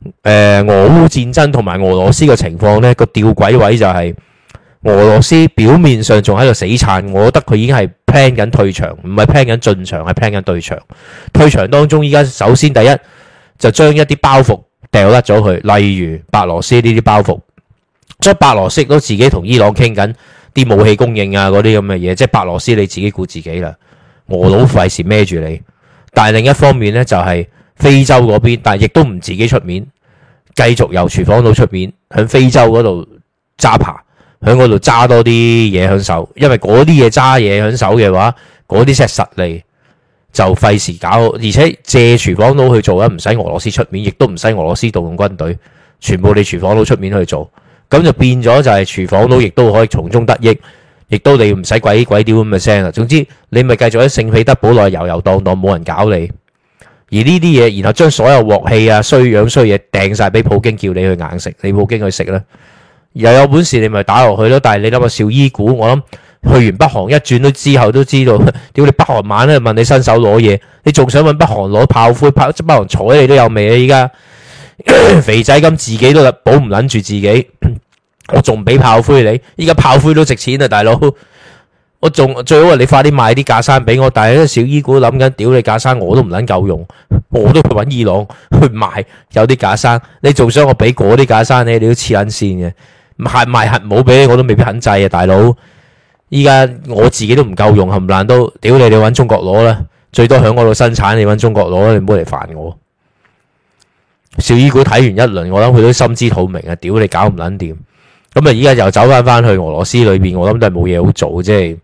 誒、呃，俄烏戰爭同埋俄羅斯個情況呢，個吊詭位就係俄羅斯表面上仲喺度死撐，我覺得佢已經係 plan 緊退場，唔係 plan 緊進場，係 plan 緊退場。退場當中，依家，首先第一就將一啲包袱掉甩咗佢，例如白羅斯呢啲包袱，即係白羅斯都自己同伊朗傾緊啲武器供應啊，嗰啲咁嘅嘢，即係白羅斯你自己顧自己啦，俄佬費事孭住你。但係另一方面呢，就係、是、非洲嗰邊，但係亦都唔自己出面。繼續由廚房佬出面，喺非洲嗰度揸爬，喺嗰度揸多啲嘢喺手，因為嗰啲嘢揸嘢喺手嘅話，嗰啲先係實利，就費事搞，而且借廚房佬去做咧，唔使俄羅斯出面，亦都唔使俄羅斯動用軍隊，全部你廚房佬出面去做，咁就變咗就係廚房佬亦都可以從中得益，亦都你唔使鬼鬼屌咁嘅聲啦。總之你咪繼續喺聖彼得堡內遊游蕩蕩，冇人搞你。而呢啲嘢，然後將所有鑊氣啊、衰樣衰嘢掟晒俾普京，叫你去硬食，你普京去食啦，又有本事你咪打落去咯。但係你諗下邵伊股，我諗去完北韓一轉都之後都知道，屌 你北韓晚咧問你伸手攞嘢，你仲想問北韓攞炮灰？北北韓睬你都有味啊！依家 肥仔咁自己都保唔捻住自己， 我仲唔俾炮灰你，依家炮灰都值錢啊，大佬。我仲最好話你快啲賣啲假山俾我，但係小 E 股諗緊，屌你假山我都唔捻夠用，我都去搵伊朗去賣有啲假山。你仲想我俾嗰啲假山你，你都黐捻線嘅。係咪係冇俾我都未必肯制啊，大佬。依家我自己都唔夠用，冚唪爛都屌你，你搵中國攞啦。最多響我度生產，你搵中國攞，你唔好嚟煩我。小 E 股睇完一輪，我諗佢都心知肚明啊，屌你，屌你搞唔捻掂。咁啊，依家又走翻翻去俄羅斯裏邊，我諗都係冇嘢好做，即係。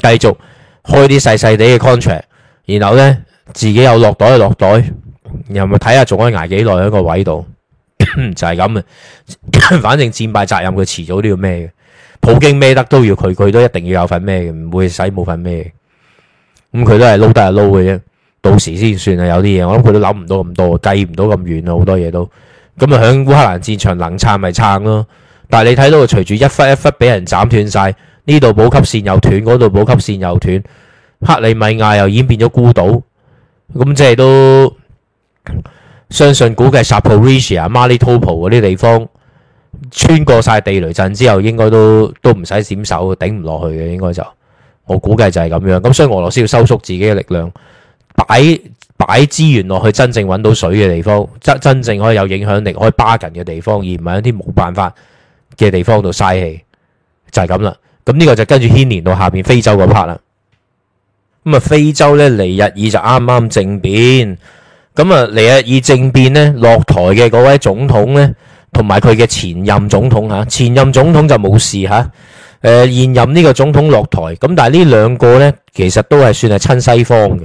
繼續開啲細細哋嘅 contract，然後呢，自己有落袋就落袋，又咪睇下仲可以挨幾耐喺個位度， 就係咁啊。 反正戰敗責任佢遲早都要孭嘅，普京孭得都要佢，佢都一定要有份孭嘅，唔會使冇份孭。咁佢都係撈得就撈嘅啫，到時先算啊。有啲嘢我諗佢都諗唔到咁多，計唔到咁遠啊，好多嘢都咁啊。響烏克蘭戰場能撐咪撐咯，但係你睇到佢隨住一忽一忽俾人斬斷晒。呢度補給線又斷，嗰度補給線又斷。克里米亞又已經變咗孤島，咁即係都相信估計，什普瑞奇阿馬利托普嗰啲地方穿過晒地雷陣之後，應該都都唔使閃手，頂唔落去嘅應該就我估計就係咁樣。咁所以俄羅斯要收縮自己嘅力量，擺擺資源落去真正揾到水嘅地方，真真正可以有影響力可以巴緊嘅地方，而唔係一啲冇辦法嘅地方度嘥氣，就係咁啦。咁呢個就跟住牽連到下邊非洲嗰 part 啦。咁啊，非洲咧尼日爾就啱啱政變，咁、嗯、啊尼日爾政變咧落台嘅嗰位總統咧，同埋佢嘅前任總統吓、啊，前任總統就冇事吓。誒、啊呃，現任呢個總統落台，咁、嗯、但係呢兩個咧，其實都係算係親西方嘅。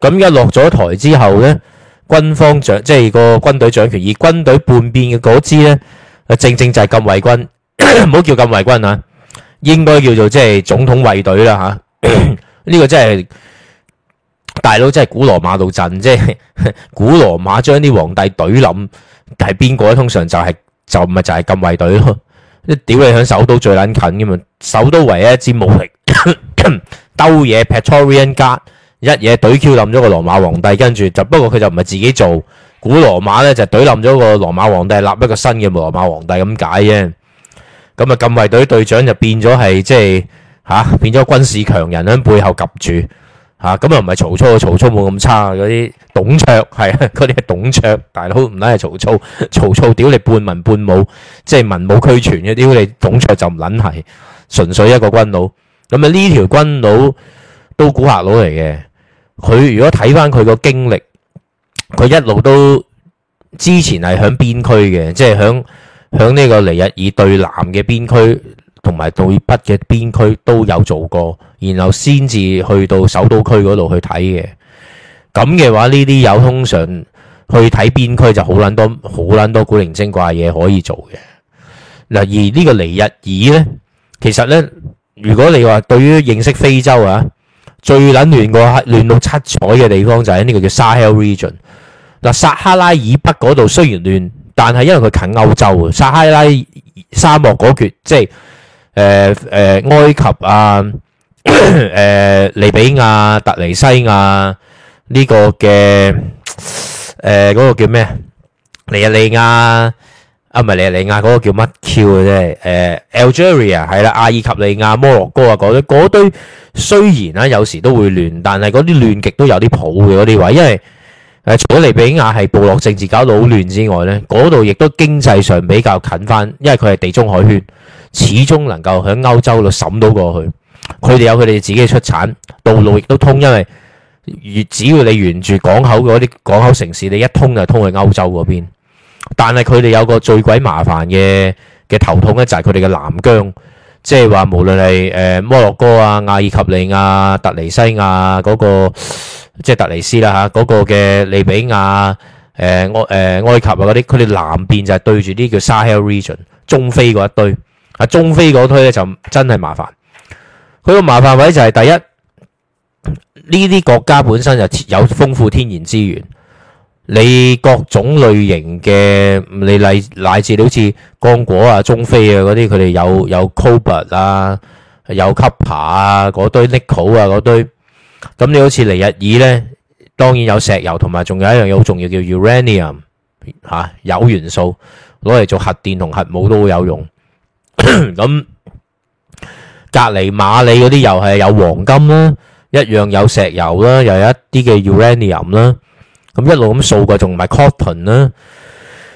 咁一落咗台之後咧，軍方掌即係個軍隊掌權，以軍隊叛變嘅嗰支咧，正正正就係禁衛軍，唔好叫禁衛軍啊。應該叫做即係總統衛隊啦吓，呢、啊這個、就是、真係大佬真係古羅馬到陣，即係古羅馬將啲皇帝懟冧，但係邊個咧？通常就係、是、就唔係就係禁衛隊咯，屌你響首都最捻近噶嘛？首都唯一一支武力 兜嘢 Praetorian Guard 一嘢懟 Q 冧咗個羅馬皇帝，跟住，就不過佢就唔係自己做，古羅馬咧就懟冧咗個羅馬皇帝，立一個新嘅羅馬皇帝咁解啫。咁啊，禁衛隊隊長就變咗係即係吓，變咗軍事強人喺背後夾住吓，咁啊唔係曹操啊，曹操冇咁差嗰啲。董卓係，佢啲係董卓大佬，唔撚係曹操，曹操屌你半文半武，即係文武俱全嘅，屌你董卓就唔撚係，純粹一個軍佬。咁啊呢條軍佬都古惑佬嚟嘅，佢如果睇翻佢個經歷，佢一路都之前係響邊區嘅，即係響。喺呢個尼日爾對南嘅邊區同埋對北嘅邊區都有做過，然後先至去到首都區嗰度去睇嘅。咁嘅話，呢啲有通常去睇邊區就好撚多好撚多古靈精怪嘢可以做嘅。嗱，而呢個尼日爾呢，其實呢，如果你話對於認識非洲啊，最撚亂個亂到七彩嘅地方就係呢個叫撒哈爾 region。嗱，撒哈拉以北嗰度雖然亂。但係因為佢近歐洲啊，撒哈拉沙漠嗰橛，即係誒誒埃及啊、誒、 呃、利比亞、突尼西亞呢、這個嘅誒嗰個叫咩尼日利亞啊，唔係尼日利亞嗰、那個叫乜 Q 嘅啫？誒 Algeria 係啦，阿爾及，爾及利亞、摩洛哥啊，嗰堆堆雖然啊，有時都會亂，但係嗰啲亂極都有啲譜嘅嗰啲位，因為。誒，除咗利比亞係部落政治搞到好亂之外，呢嗰度亦都經濟上比較近翻，因為佢係地中海圈，始終能夠喺歐洲度審到過去。佢哋有佢哋自己嘅出產，道路亦都通，因為只要你沿住港口嗰啲港口城市，你一通就通去歐洲嗰邊。但係佢哋有個最鬼麻煩嘅嘅頭痛呢，就係佢哋嘅南疆，即係話無論係誒摩洛哥啊、阿爾及利亞、突尼西亞嗰、那個。即係特尼斯啦吓嗰個嘅利比亞誒愛、誒、呃呃、埃及啊啲，佢哋南邊就係對住啲叫 Sahel region，中非嗰一堆。啊，中非嗰堆咧就真係麻煩，佢個麻煩位就係第一，呢啲國家本身就有豐富天然資源，你各種類型嘅，你乃至你好似剛果啊、中非啊啲，佢哋有有 cobalt 啊，有 copper 啊，嗰堆 nickel 啊嗰堆。咁你好似尼日爾咧，當然有石油，同埋仲有一樣嘢好重要叫 uranium 嚇、啊，有元素攞嚟做核電同核武都會有用。咁隔離馬里嗰啲又係有黃金啦，一樣有石油啦，又有一啲嘅 uranium 啦。咁一路咁掃過，仲唔係 cotton 啦。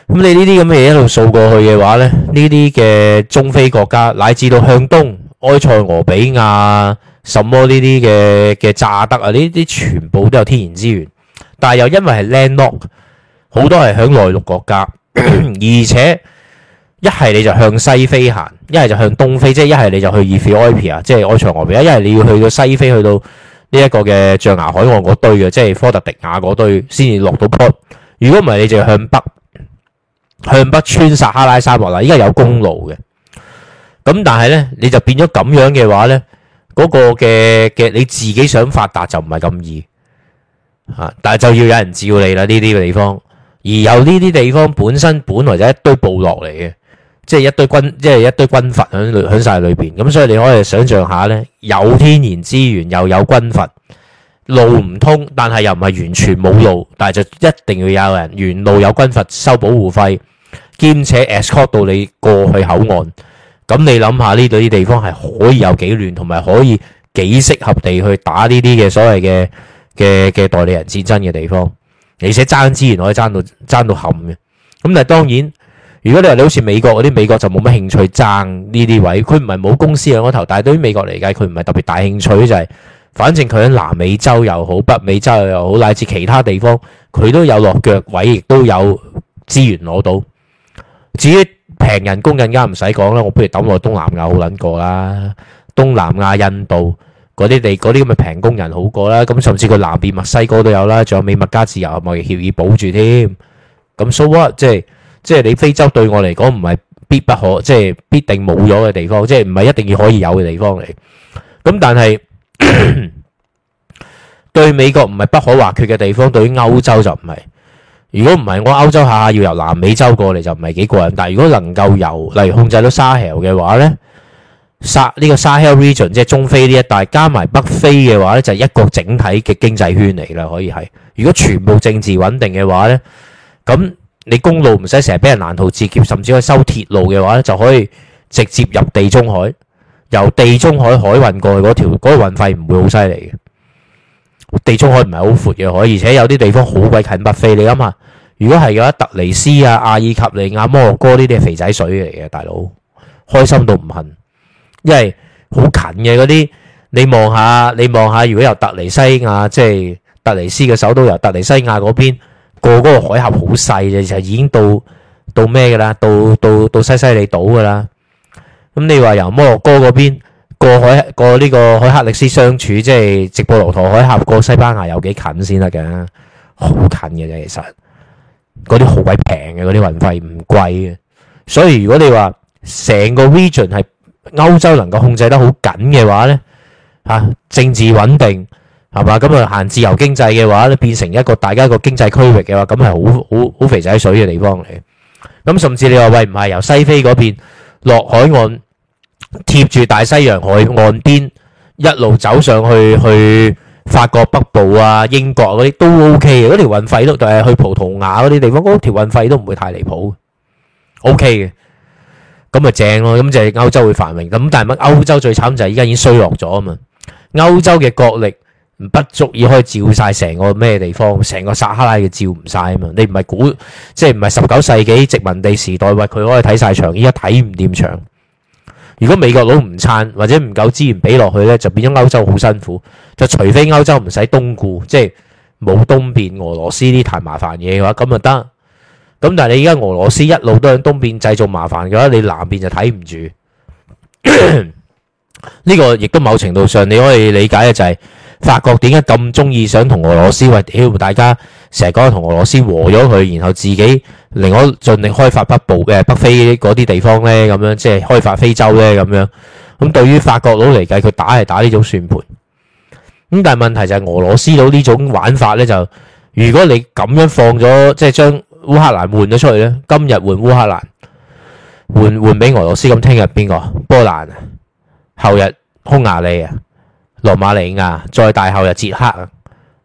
咁你呢啲咁嘅嘢一路掃過去嘅話咧，呢啲嘅中非國家，乃至到向東埃塞俄比亞。什麼呢啲嘅嘅炸得啊？呢啲全部都有天然資源，但係又因為係 land lock，好多係響內陸國家， 而且一係你就向西非行，一係就向東非，即係一係你就去伊、e、比埃比啊，即係埃塞俄比亞，一係你要去到西非去到呢一個嘅象牙海岸嗰堆嘅，即係科特迪亞嗰堆先至落到 port。如果唔係，你就向北向北穿薩哈拉沙漠啦。依家有公路嘅咁，但係咧你就變咗咁樣嘅話咧。嗰個嘅嘅你自己想發達就唔係咁易啊！但係就要有人照你啦呢啲嘅地方，而有呢啲地方本身本來就一堆部落嚟嘅，即係一堆軍，即係一堆軍閥響響晒裏邊。咁所以你可以想象下呢有天然資源又有軍閥，路唔通，但係又唔係完全冇路，但係就一定要有人沿路有軍閥收保護費，兼且 escort 到你過去口岸。咁你諗下呢度啲地方係可以有幾亂，同埋可以幾適合地去打呢啲嘅所謂嘅嘅嘅代理人戰爭嘅地方，而且爭資源可以爭到爭到冚嘅。咁但係當然，如果你話你好似美國嗰啲，美國就冇乜興趣爭呢啲位，佢唔係冇公司喺嗰頭，但係對於美國嚟計，佢唔係特別大興趣，就係反正佢喺南美洲又好、北美洲又好，乃至其他地方，佢都有落腳位，亦都有資源攞到。至於，平人工更加唔使講啦，我不如抌落東南亞好撚過啦。東南亞印度嗰啲地嗰啲咁嘅平工人好過啦。咁甚至佢南邊墨西哥都有啦，仲有美墨加自由貿易協議保住添。咁 so what？即係即係你非洲對我嚟講唔係必不可，即係必定冇咗嘅地方，即係唔係一定要可以有嘅地方嚟。咁但係對美國唔係不可或缺嘅地方，對於歐洲就唔係。如果唔係，我歐洲下下要由南美洲過嚟就唔係幾過癮。但係如果能夠由，例如控制到 Sahel 嘅話咧，撒呢個 Sahelregion 即係中非呢一帶加埋北非嘅話咧，就係一個整體嘅經濟圈嚟啦，可以係。如果全部政治穩定嘅話咧，咁你公路唔使成日俾人攔途截劫，甚至可以修鐵路嘅話，就可以直接入地中海，由地中海海運過去嗰條嗰個運費唔會好犀利嘅。地中海唔係好闊嘅海，而且有啲地方好鬼近北非。你諗下，如果係嘅話，特尼斯啊、阿爾及利亞、摩洛哥呢啲係肥仔水嚟嘅大佬，開心到唔恨，因為好近嘅嗰啲。你望下，你望下，如果由特尼西亞，即係特尼斯嘅首都，由特尼西亞嗰邊過嗰個海峽，好細嘅，就已經到到咩嘅啦，到到到，到西西里島嘅啦。咁你話由摩洛哥嗰邊？過海過呢個海克力斯相處，即係直布羅陀海峽過西班牙有幾近先得嘅？好近嘅啫。其實嗰啲好鬼平嘅，嗰啲運費唔貴嘅。所以如果你話成個 region 係歐洲能夠控制得好緊嘅話咧，吓政治穩定係嘛咁啊，行自由經濟嘅話咧，變成一個大家一個經濟區域嘅話，咁係好好好肥仔水嘅地方嚟。咁甚至你話喂唔係由西非嗰邊落海岸，貼住大西洋海岸邊，一路走上去去法國北部啊、英國嗰啲都 OK，嗰條運費都誒去葡萄牙嗰啲地方，嗰條運費都唔會太離譜，OK 嘅，咁咪正咯，咁就係歐洲會繁榮。咁但係歐洲最慘就係依家已經衰落咗啊嘛，歐洲嘅國力不足以可以照晒成個咩地方，成個撒哈拉嘅照唔晒啊嘛。你唔係估，即係唔係十九世紀殖民地時代喂，佢可以睇晒場，依家睇唔掂場。如果美國佬唔撐或者唔夠資源俾落去呢，就變咗歐洲好辛苦。就除非歐洲唔使東顧，即係冇東邊俄羅斯啲太麻煩嘢嘅話，咁就得。咁但係你而家俄羅斯一路都喺東邊製造麻煩嘅話，你南邊就睇唔住。呢個亦都某程度上你可以理解嘅就係法國點解咁中意想同俄羅斯話，屌大家。成日講同俄羅斯和咗佢，然後自己另外盡力開發北部嘅北非嗰啲地方呢。咁樣即係開發非洲呢。咁樣咁對於法國佬嚟計，佢打係打呢種算盤。咁但係問題就係俄羅斯佬呢種玩法呢。就如果你咁樣放咗，即係將烏克蘭換咗出去呢，今日換烏克蘭，換換俾俄羅斯，咁聽日邊個？波蘭啊，後日匈牙利啊，羅馬尼亞，再大後日捷克啊。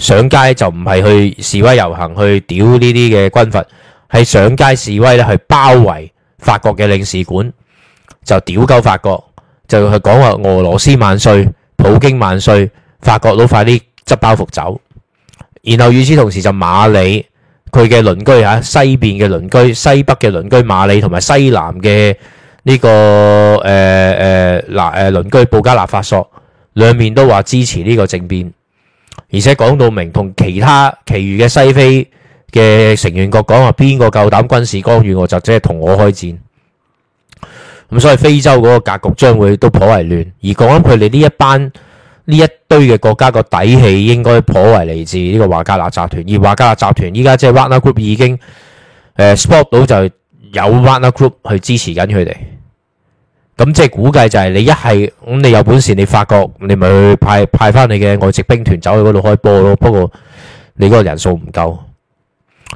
上街就唔係去示威遊行去屌呢啲嘅軍閥，係上街示威咧，係包圍法國嘅領事館，就屌鳩法國，就係講話俄羅斯萬歲、普京萬歲，法國都快啲執包袱走。然後與此同時，就馬里佢嘅鄰居嚇西邊嘅鄰居、西北嘅鄰居馬里同埋西南嘅呢、這個誒誒嗱誒鄰居布基納法索，兩面都話支持呢個政變。而且講到明，同其他其餘嘅西非嘅成員國講話，邊個夠膽軍事干預我就即係同我開戰咁，所以非洲嗰個格局將會都頗為亂。而講緊佢哋呢一班呢一堆嘅國家個底氣，應該頗為嚟自呢個華加納集團。而華加納集團依家即係 Wagner Group 已經誒 s、呃、p o r t 到就有 Wagner Group 去支持緊佢哋。咁即係估計就係你一係咁，你有本事你發覺你咪去派派返你嘅外籍兵團走去嗰度開波咯。不過你嗰個人數唔夠，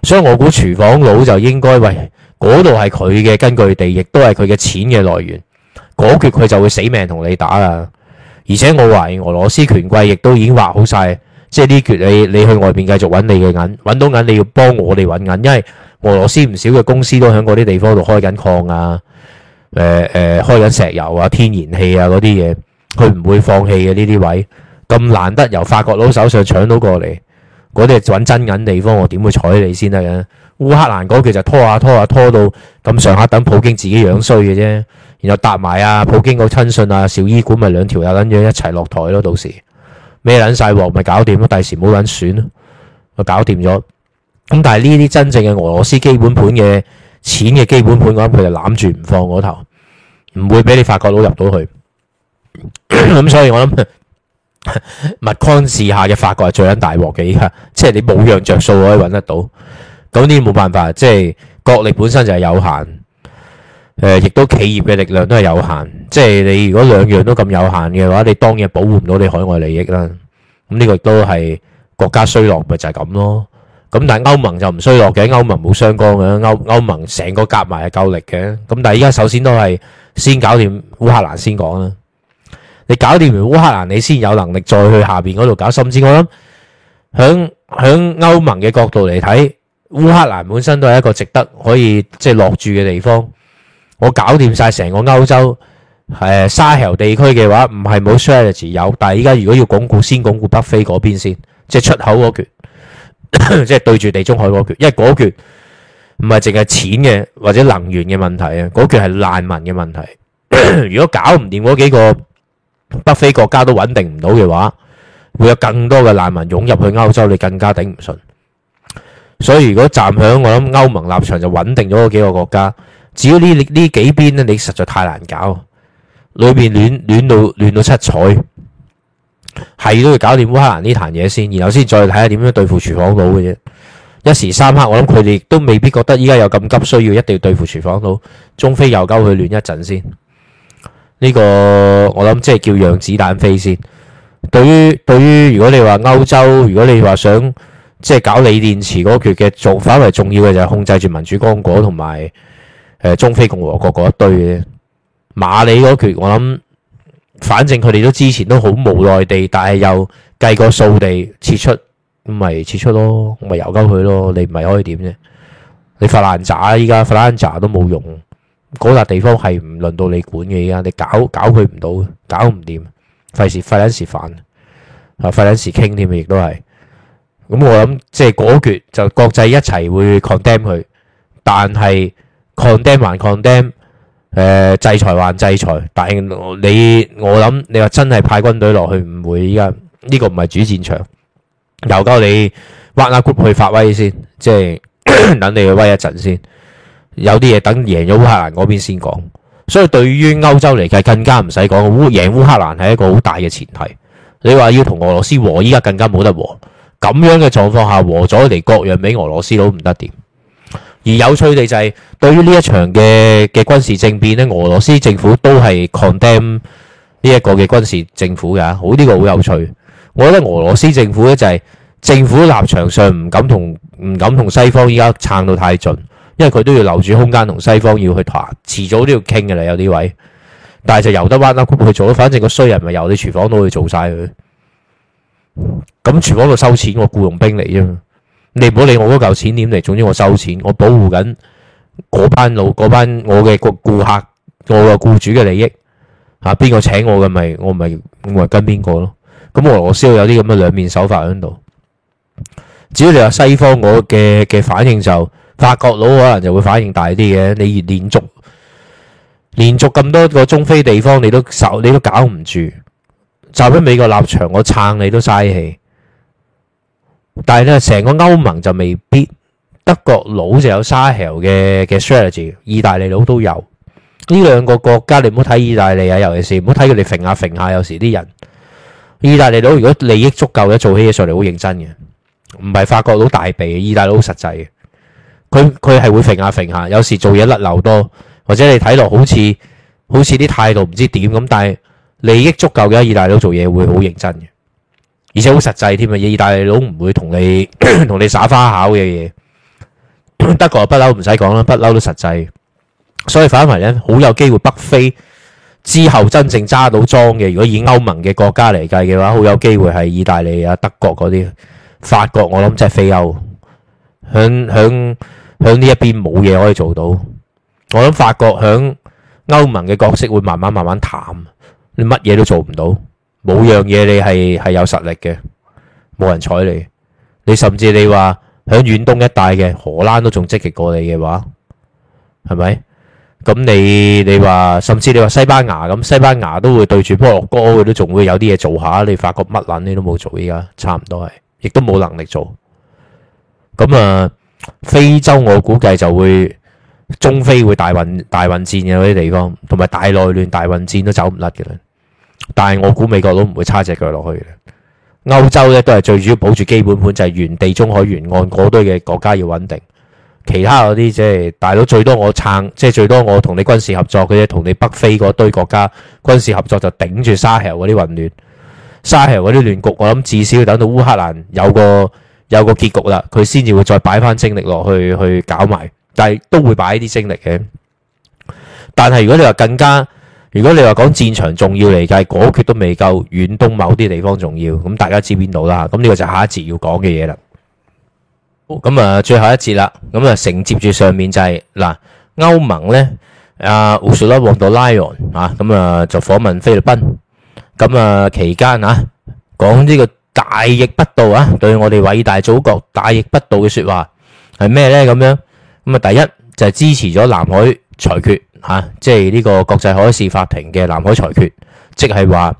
所以我估廚房佬就應該喂，嗰度係佢嘅根據地，亦都係佢嘅錢嘅來源。嗰決佢就會死命同你打啊！而且我懷疑俄羅斯權貴亦都已經畫好晒，即係呢決你，你去外邊繼續揾你嘅銀，揾到銀你要幫我哋揾銀，因為俄羅斯唔少嘅公司都喺嗰啲地方度開緊礦啊。誒誒、呃，開緊石油啊、天然氣啊嗰啲嘢，佢唔會放棄嘅呢啲位，咁難得由法國佬手上搶到過嚟，嗰啲係揾真銀地方，我點會睬你先得嘅？烏克蘭嗰期其實拖下、啊、拖下、啊拖、啊、拖到咁上下，等普京自己樣衰嘅啫，然後搭埋啊普京個親信啊少伊古咪兩條友等住一齊落台咯，到時咩捻晒鑊，咪搞掂咯，第時冇捻選咯，咪搞掂咗。咁但係呢啲真正嘅俄羅斯基本盤嘅。錢嘅基本盤，我諗佢就攬住唔放嗰頭，唔會俾你法國佬入到去。咁 所以我諗物控治下嘅法國係最緊大鑊嘅。依家即係你冇樣着數可以揾得到，咁呢冇辦法，即係國力本身就係有限，誒、呃，亦都企業嘅力量都係有限。即係你如果兩樣都咁有限嘅話，你當然保護唔到你海外利益啦。咁呢個亦都係國家衰落咪就係、是、咁咯。咁但係歐盟就唔衰落嘅，歐盟冇相干嘅，歐歐盟成個夾埋係夠力嘅。咁但係依家首先都係先搞掂烏克蘭先講啦。你搞掂完烏克蘭，你先有能力再去下邊嗰度搞。甚至我諗，響響歐盟嘅角度嚟睇，烏克蘭本身都係一個值得可以即係落住嘅地方。我搞掂曬成個歐洲誒沙鷗地區嘅話，唔係冇 strategy 有，但係依家如果要鞏固，先鞏固北非嗰邊先，即係出口嗰橛。即係 對住地中海嗰橛，因為嗰橛唔係淨係錢嘅或者能源嘅問題啊，嗰橛係難民嘅問題。問題 如果搞唔掂嗰幾個北非國家都穩定唔到嘅話，會有更多嘅難民湧入去歐洲，你更加頂唔順。所以如果站響我諗歐盟立場就穩定咗嗰幾個國家，至於呢呢幾邊呢，你實在太難搞，裏邊亂亂到亂到七彩。係都要搞掂烏克蘭呢壇嘢先，然後先再睇下點樣對付廚房佬嘅啫。一時三刻，我諗佢哋都未必覺得依家有咁急需要一定要對付廚房佬。中非又鳩佢亂一陣先，呢個我諗即係叫讓子彈飛先。對於對於，如果你話歐洲，如果你話想即係搞鋰電池嗰橛嘅做，反為重要嘅就係控制住民主剛果同埋誒中非共和國嗰一堆嘅啫。馬里嗰橛，我諗。反正佢哋都之前都好無奈地，但係又計個數地撤出，咁咪撤出咯，咪由鳩佢咯，你唔係可以點啫？你發爛渣，依家發爛渣都冇用，嗰笪地方係唔輪到你管嘅依家，你搞搞佢唔到，搞唔掂，費事費卵時煩，啊費卵時傾添啊，亦都係。咁我諗即係嗰決就國際一齊會 condemn 佢，但係 condemn 還 condemn。誒、呃，制裁還制裁，但係你我諗，你話真係派軍隊落去唔會，依家呢個唔係主戰場，由夠你挖下闊去發威先，即係 等你去威一陣先。有啲嘢等贏咗烏克蘭嗰邊先講，所以對於歐洲嚟計更加唔使講，烏贏烏克蘭係一個好大嘅前提。你話要同俄羅斯和，依家更加冇得和。咁樣嘅狀況下，和咗嚟各樣俾俄羅斯佬唔得掂。而有趣地就係對於呢一場嘅嘅軍事政變咧，俄羅斯政府都係 condemn 呢一個嘅軍事政府㗎，好、這、呢個好有趣。我覺得俄羅斯政府咧就係、是、政府立場上唔敢同唔敢同西方依家撐到太盡，因為佢都要留住空間同西方要去爬，遲早都要傾㗎啦。有啲位，但係就由得彎啦，佢去做。反正個衰人咪由你廚房都去做晒佢。咁廚房度收錢喎，僱傭兵嚟啫。你唔好理我嗰嚿錢點嚟，總之我收錢，我保護緊嗰班老嗰班我嘅顧顧客，我嘅僱主嘅利益。吓，邊個請我嘅咪我咪我咪跟邊個咯。咁俄羅斯有啲咁嘅兩面手法喺度。只要你話西方我，我嘅嘅反應就法國佬可能就會反應大啲嘅。你連續連續咁多個中非地方你，你都受你都搞唔住。就喺美國立場，我撐你都嘥氣。但係咧，成個歐盟就未必。德國佬就有 Sahel 嘅嘅 strategy，意大利佬都有。呢兩個國家你唔好睇意大利啊，尤其是唔好睇佢哋揈下揈下，有時啲人。意大利佬如果利益足夠嘅，做起嘢上嚟好認真嘅，唔係法國佬大鼻，意大利好實際嘅。佢佢係會揈下揈下，有時做嘢甩漏多，或者你睇落好似好似啲態度唔知點咁，但係利益足夠嘅，意大利佬做嘢會好認真嘅。而且好實際添啊！意大利佬唔會同你同 你耍花巧嘅嘢，德國不嬲唔使講啦，不嬲都實際。所以反為呢，好有機會北非之後真正揸到莊嘅。如果以歐盟嘅國家嚟計嘅話，好有機會係意大利啊、德國嗰啲、法國。我諗即係非歐，響響響呢一邊冇嘢可以做到。我諗法國響歐盟嘅角色會慢慢慢慢淡，你乜嘢都做唔到。冇樣嘢你係係有實力嘅，冇人睬你。你甚至你話響遠東一帶嘅荷蘭都仲積極過你嘅話，係咪？咁你你話，甚至你話西班牙咁，西班牙都會對住摩洛哥，佢都仲會有啲嘢做下。你發覺乜撚你都冇做，依家差唔多係，亦都冇能力做。咁啊，非洲我估計就會中非會大混大混戰嘅嗰啲地方，同埋大內亂大混戰都走唔甩嘅啦。但係我估美國都唔會差隻腳落去嘅，歐洲咧都係最主要保住基本盤，就係、是、原地中海沿岸嗰堆嘅國家要穩定，其他嗰啲即係大佬最多我撐，即、就、係、是、最多我同你軍事合作嘅啫，同你北非嗰堆國家軍事合作就頂住沙哈嗰啲混亂，沙哈嗰啲亂局，我諗至少要等到烏克蘭有個有個結局啦，佢先至會再擺翻精力落去去搞埋，但係都會擺啲精力嘅。但係如果你話更加，如果你話講戰場重要嚟計，果決都未夠，遠東某啲地方重要，咁大家知邊度啦？咁呢個就下一節要講嘅嘢啦。咁啊，最後一節啦，咁啊承接住上面就係、是、嗱，歐盟呢，啊，Ursula von der Leyen 啊，咁啊就訪問菲律賓，咁啊期間啊講呢個大逆不道啊，對我哋偉大祖國大逆不道嘅說話係咩呢？咁樣咁啊，第一就係、是、支持咗南海裁決。吓、啊，即係呢個國際海事法庭嘅南海裁決，即係話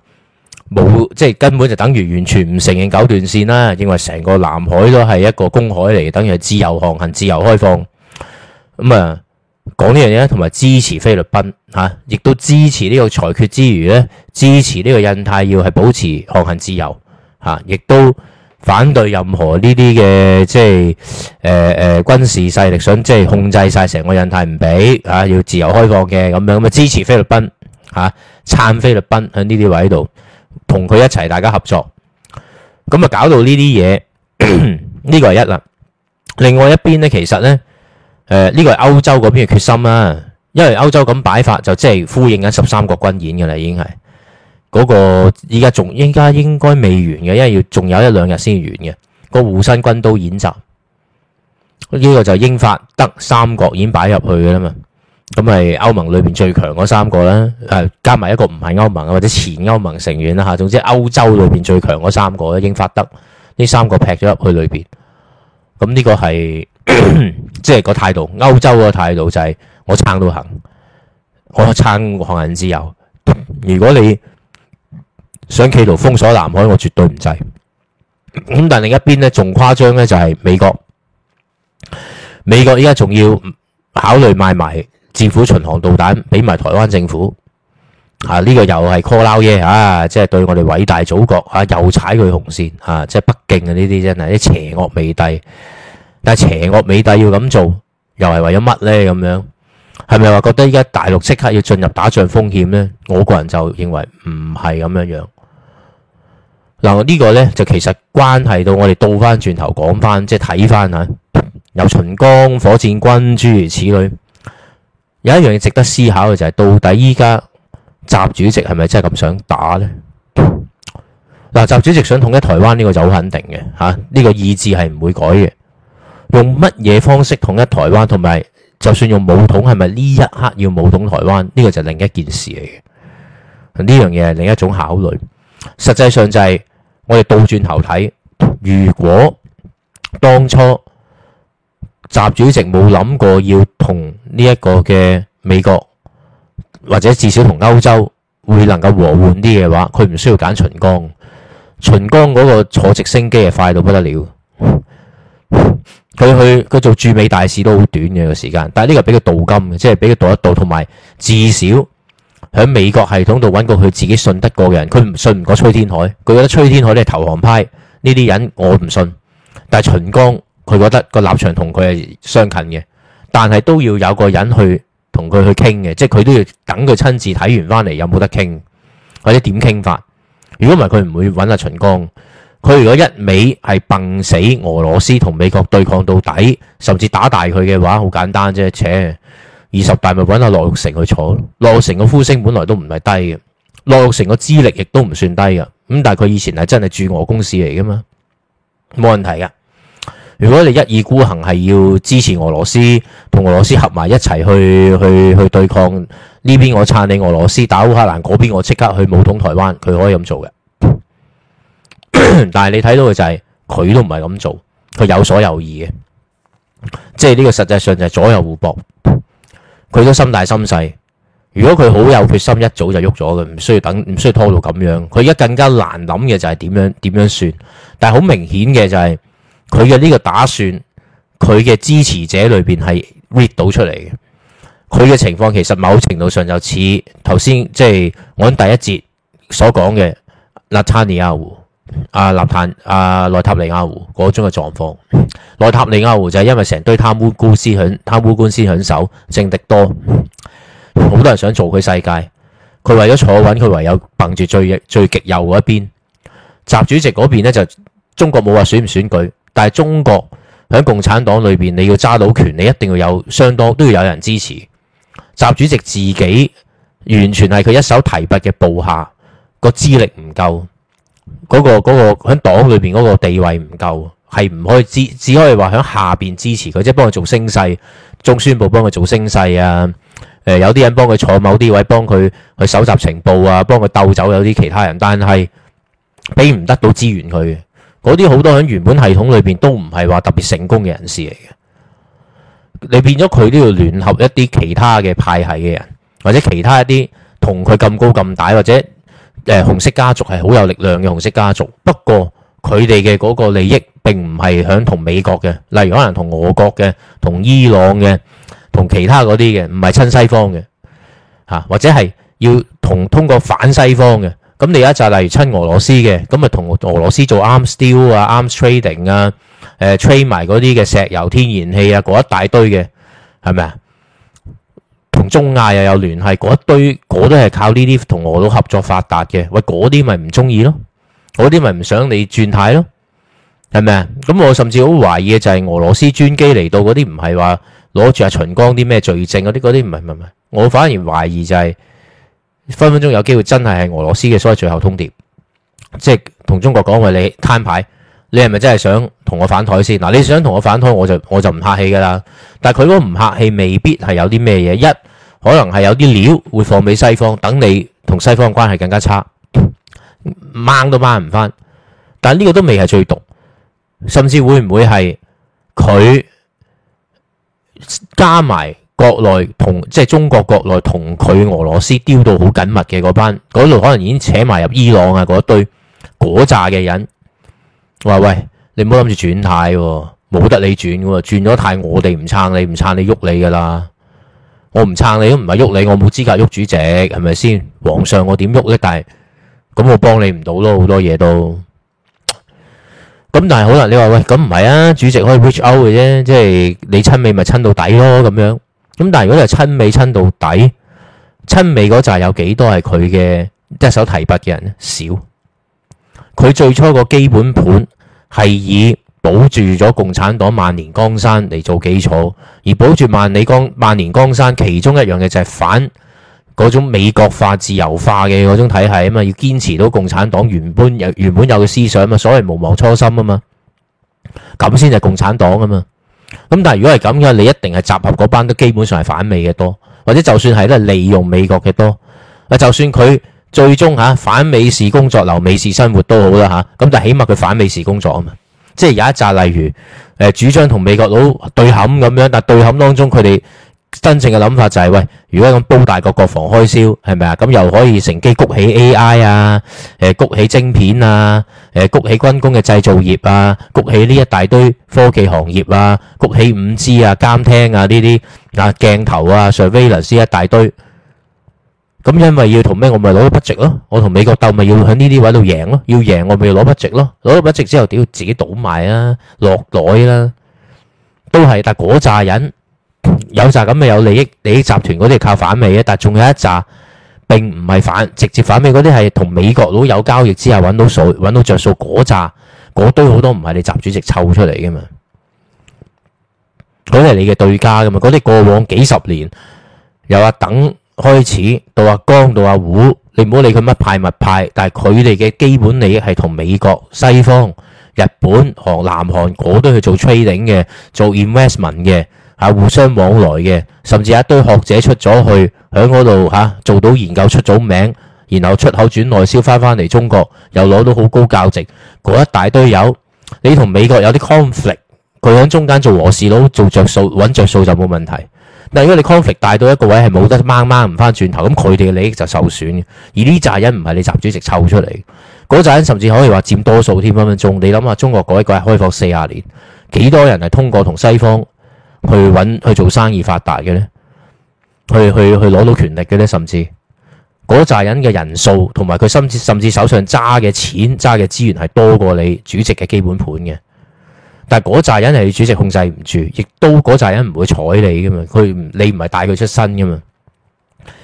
冇，即係根本就等於完全唔承認九段線啦，認為成個南海都係一個公海嚟，等於係自由航行、自由開放。咁、嗯、啊，講呢樣嘢同埋支持菲律賓吓，亦、啊、都支持呢個裁決之餘咧、啊，支持呢個印太要係保持航行自由吓，亦、啊、都。反對任何呢啲嘅即係誒誒軍事勢力想即係控制晒成個印太，唔俾啊，要自由開放嘅。咁樣，咪支持菲律賓吓，撐菲律賓喺呢啲位度同佢一齊大家合作，咁、嗯、啊搞到呢啲嘢，呢個係一啦。另外一邊呢，其實呢，誒、呃、呢、呢個係歐洲嗰邊嘅決心啦，因為歐洲咁擺法就即係呼應緊十三國軍演㗎啦，已經係。嗰個依家仲應該應該未完嘅，因為要仲有一兩日先完嘅、個護身軍刀演習。呢、個就係英法德三國已經擺入去嘅啦嘛。咁係歐盟裏邊最強嗰三個啦，誒、啊、加埋一個唔係歐盟或者前歐盟成員啦嚇、啊。總之歐洲裏邊最強嗰三個啦，英法德呢三個劈咗入去裏邊。咁呢個係即係個態度，歐洲個態度就係我撐到行，我撐個人自由。如果你想企圖封鎖南海，我絕對唔制。咁但另一邊咧，仲誇張咧，就係美國，美國依家仲要考慮賣埋戰斧巡航導彈俾埋台灣政府。啊！呢、呢個又係 call 撈嘢、yeah, 啊！即係對我哋偉大祖國啊，又踩佢紅線啊！即係不敬嘅呢啲真係啲邪惡美帝。但係邪惡美帝要咁做，又係為咗乜呢？咁樣係咪話覺得依家大陸即刻要進入打仗風險呢？我個人就認為唔係咁樣樣。嗱呢個呢就其實關係到我哋倒翻轉頭講翻，即係睇翻下，有秦剛、火箭軍諸如此類。有一樣嘢值得思考嘅就係，到底依家習主席係咪真係咁想打呢？嗱，習主席想統一台灣呢個就好肯定嘅吓，呢個意志係唔會改嘅。用乜嘢方式統一台灣，同埋就算用武統，係咪呢一刻要武統台灣？呢個就另一件事嚟嘅。呢樣嘢係另一種考慮，實際上就係。我哋倒轉頭睇，如果當初習主席冇諗過要同呢一個嘅美國或者至少同歐洲會能夠和緩啲嘅話，佢唔需要揀秦剛。秦剛嗰個坐直升機係快到不得了，佢去佢做駐美大使都好短嘅時間，但係呢個俾佢鍍金，即係俾佢鍍一鍍，同埋至少喺美國系統度揾個佢自己信得過嘅人，佢唔信唔過崔天凱，佢覺得崔天凱你係投降派，呢啲人我唔信。但係秦剛佢覺得個立場同佢係相近嘅，但係都要有個人去同佢去傾嘅，即係佢都要等佢親自睇完翻嚟有冇得傾，或者點傾法。如果唔係佢唔會揾阿秦剛。佢如果一味係笨死俄羅斯同美國對抗到底，甚至打大佢嘅話，好簡單啫，扯。二十大咪揾下羅玉成去坐咯。羅玉成個呼聲，本來都唔係低嘅。羅玉成個資歷亦都唔算低嘅。咁但係佢以前係真係駐俄公司嚟噶嘛，冇問題嘅。如果你一意孤行係要支持俄羅斯同俄羅斯合埋一齊去去去，去對抗呢邊，邊我撐你俄羅斯打烏克蘭嗰邊，我即刻去武統台灣，佢可以咁做嘅。 但係你睇到嘅就係、是、佢都唔係咁做，佢有所猶疑嘅，即係呢個實際上就係左右互搏。佢都心大心細，如果佢好有決心，一早就喐咗嘅，唔需要等，唔需要拖到咁樣。佢而家更加難諗嘅就係點樣，點樣算，但係好明顯嘅就係佢嘅呢個打算，佢嘅支持者裏邊係 read 到出嚟嘅。佢嘅情況其實某程度上就似頭先即係我喺第一節所講嘅 Netanyahu 啊，立坦啊，內塔尼亞胡嗰種嘅狀況，內塔尼亞胡就係因為成堆貪污官司響貪污官司響手，政敵多，好多人想做佢世界，佢為咗坐穩，佢唯有掹住最最極右嗰一邊。習主席嗰邊呢，就中國冇話選唔選舉，但係中國喺共產黨裏邊，你要揸到權，你一定要有相當都要有人支持。習主席自己完全係佢一手提拔嘅部下，個資歷唔夠。嗰個嗰個喺黨裏邊嗰個地位唔夠，係唔可以只只可以話喺下邊支持佢，即係幫佢做聲勢，中宣部幫佢做聲勢啊！誒、呃，有啲人幫佢坐某啲位，幫佢去搜集情報啊，幫佢鬥走有啲其他人，但係俾唔得到支援佢。嗰啲好多喺原本系統裏邊都唔係話特別成功嘅人士嚟嘅，你變咗佢都要聯合一啲其他嘅派系嘅人，或者其他一啲同佢咁高咁大或者。誒，紅色家族係好有力量嘅紅色家族，不過佢哋嘅嗰個利益並唔係響同美國嘅，例如可能同俄國嘅、同伊朗嘅、同其他嗰啲嘅，唔係親西方嘅，嚇或者係要同通過反西方嘅，咁你有一集例如親俄羅斯嘅，咁咪同俄羅斯做 arms deal 啊、arms trading 啊、誒 trade 埋嗰啲嘅石油、天然氣啊嗰一大堆嘅，係咪？中亞又有聯繫，嗰一堆嗰都係靠呢啲同俄佬合作發達嘅，喂嗰啲咪唔中意咯，嗰啲咪唔想你轉態咯，係咪啊？咁我甚至好懷疑嘅就係俄羅斯專機嚟到嗰啲，唔係話攞住阿秦剛啲咩罪證嗰啲，嗰啲唔係唔係唔係，我反而懷疑就係、是、分分鐘有機會真係係俄羅斯嘅所謂最後通牒，即係同中國講話你攤牌，你係咪真係想同我反台先？嗱，你想同我反台我，我就我就唔客氣噶啦，但係佢嗰個唔客氣，未必係有啲咩嘢一。可能係有啲料會放俾西方，等你同西方嘅關係更加差，掹都掹唔返。但呢個都未係最毒，甚至會唔會係佢加埋國內同即係中國國內同佢俄羅斯雕到好緊密嘅嗰班，嗰度可能已經扯埋入伊朗啊嗰一堆果炸嘅人。喂喂，你唔好諗住轉態喎，冇得你轉㗎喎，轉咗態我哋唔撐你，唔撐你喐你㗎啦。我唔撐你都唔係喐你，我冇資格喐主席，係咪先？皇上我點喐咧？但係咁我幫你唔到咯，好多嘢都。咁但係好啦，你話喂咁唔係啊？主席可以 reach out 嘅啫，即係你親美咪親到底咯咁樣。咁但係如果你係親美親到底，親美嗰扎有幾多係佢嘅一手提拔嘅人咧？少。佢最初個基本盤係以。保住咗共產黨萬年江山嚟做基礎，而保住萬里江萬年江山，其中一樣嘅就係反嗰種美國化、自由化嘅嗰種體系啊嘛，要堅持到共產黨原本有原本有嘅思想啊嘛，所謂無忘初心啊嘛，咁先係共產黨啊嘛。咁但係如果係咁嘅，你一定係集合嗰班都基本上係反美嘅多，或者就算係咧利用美國嘅多，咁就算佢最終吓反美是工作，留美是生活都好啦吓，咁但係起碼佢反美是工作啊嘛。即係有一紮，例如誒主張同美國佬對冚咁樣，但對冚當中佢哋真正嘅諗法就係、是、喂，如果咁煲大個國防開銷，係咪啊？咁又可以乘機谷起 AI 啊，誒谷起晶片啊，誒谷起軍工嘅製造業啊，谷起呢一大堆科技行業啊，谷起五 G 啊，監聽啊呢啲啊鏡頭啊，Surveillance 一大堆。咁因為要同咩，我咪攞到筆值咯。我同美國鬥咪要喺呢啲位度贏咯。要贏我咪要攞筆值咯。攞到筆值之後，屌自己倒埋啊，落袋啦，都係。但係嗰扎人有紮咁，咪有利益，利益集團嗰啲係靠反美嘅，但係仲有一紮並唔係反，直接反美，嗰啲係同美國佬有交易之後揾到數揾到著數，嗰扎嗰堆好多唔係你習主席湊出嚟嘅嘛，嗰啲係你嘅對家噶嘛。嗰啲過往幾十年又話等。開始到阿江到阿胡，你唔好理佢乜派乜派，但係佢哋嘅基本利益係同美國、西方、日本、韓南韓嗰堆、那個、去做 trading 嘅、做 investment 嘅，啊互相往來嘅，甚至一堆學者出咗去喺嗰度嚇做到研究出咗名，然後出口轉內銷翻翻嚟中國又攞到好高價值，嗰、那、一、個、大堆友你同美國有啲 conflict，佢喺中間做和事佬做着數揾着數就冇問題。但如果你 conflict 帶到一個位係冇得掹掹唔翻轉頭，咁佢哋嘅利益就受損嘅。而呢扎人唔係你習主席湊出嚟，嗰扎人甚至可以話佔多數添。分分鐘你諗下，中國嗰一個開放四十年，幾多人係通過同西方去揾去做生意發達嘅呢？去去去攞到權力嘅呢？甚至嗰扎人嘅人數同埋佢甚至甚至手上揸嘅錢揸嘅資源係多過你主席嘅基本盤嘅。但係嗰扎人係習主席控制唔住，亦都嗰扎人唔會睬你噶嘛。佢你唔係帶佢出身噶嘛，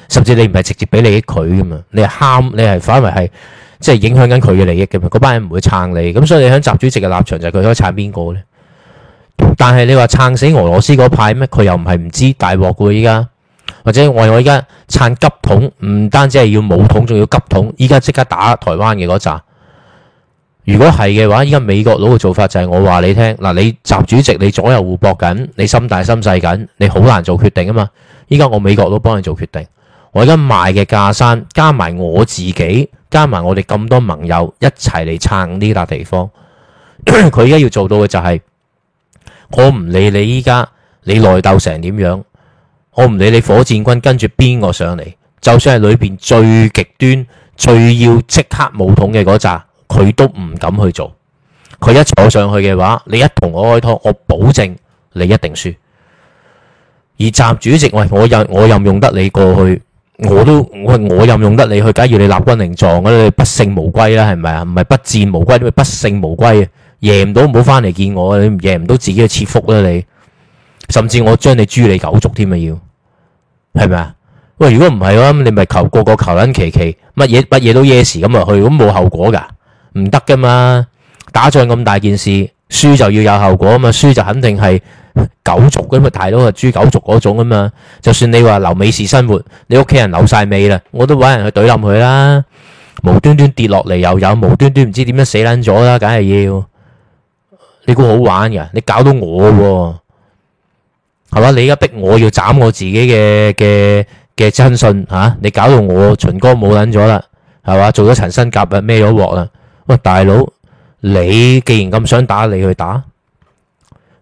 甚至你唔係直接俾利益佢噶嘛。你係慘，你係反為係即係影響緊佢嘅利益噶嘛。嗰班人唔會撐你，咁所以你喺習主席嘅立場就係佢可以撐邊個咧？但係你話撐死俄羅斯嗰派咩？佢又唔係唔知大鑊噶依家，或者為我依家撐急統，唔單止係要武統，仲要急統。依家即刻打台灣嘅嗰扎。如果係嘅話，依家美國佬嘅做法就係我話你聽嗱，你習主席你左右互搏緊，你心大心細緊，你好難做決定啊嘛。依家我美國佬幫你做決定，我而家賣嘅架山加埋我自己，加埋我哋咁多盟友一齊嚟撐呢笪地方。佢而家要做到嘅就係、是，我唔理你依家你內鬥成點樣，我唔理你火箭軍跟住邊個上嚟，就算係裏邊最極端、最要即刻武統嘅嗰扎。佢都唔敢去做。佢一坐上去嘅話，你一同我開拖，我保證你一定輸。而習主席喂，我任我任用得你過去，我都我我任用得你去。假如你立軍令狀咧，你不勝無歸啦，係咪啊？唔係不戰無歸，不勝無歸贏唔到，唔好翻嚟見我。你贏唔到自己嘅切腹啦，你甚至我將你誅你九族添啊！要係咪啊？喂，如果唔係啊，咁你咪求個個求撚其其，乜嘢乜嘢都 yes 咁入去，咁冇後果噶。唔得噶嘛！打仗咁大件事，輸就要有效果啊嘛！輸就肯定係九族噶嘛，大佬啊，誅九族嗰種啊嘛。就算你話留美事生活，你屋企人留晒尾啦，我都搵人去懟冧佢啦。無端端跌落嚟又有，無端端唔知點樣死捻咗啦，梗係要。你估好玩噶？你搞到我喎、啊，係嘛？你而家逼我要斬我自己嘅嘅嘅親信啊！你搞到我秦剛冇捻咗啦，係嘛？做咗陳新甲啊，孭咗鑊啦。大佬，你既然咁想打，你去打。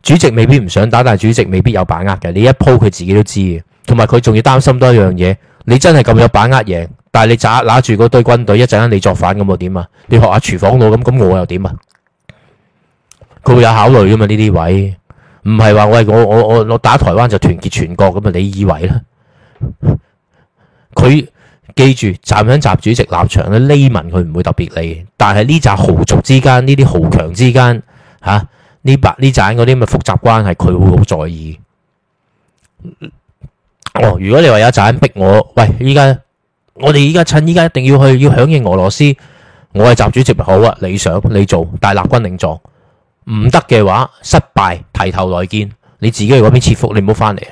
主席未必唔想打，但係主席未必有把握嘅。你一鋪佢自己都知嘅，同埋佢仲要擔心多一樣嘢。你真係咁有把握贏，但係你揸拿住嗰堆軍隊，一陣間你作反咁又點啊？你學下廚房佬咁，咁我又點啊？佢會有考慮噶嘛？呢啲位唔係話我我我我打台灣就團結全國咁啊？你以為咧？佢。記住站響習主席立場咧，厘問佢唔會特別理。但係呢集豪族之間呢啲豪強之間吓呢把呢盞嗰啲咪複雜關係，佢會好在意哦。如果你話有一盞逼我喂，依家我哋依家趁依家一定要去要響應俄羅斯，我係習主席好啊。你想你做，但立軍令狀唔得嘅話，失敗，提頭來見，你自己去嗰邊切腹，你唔好翻嚟，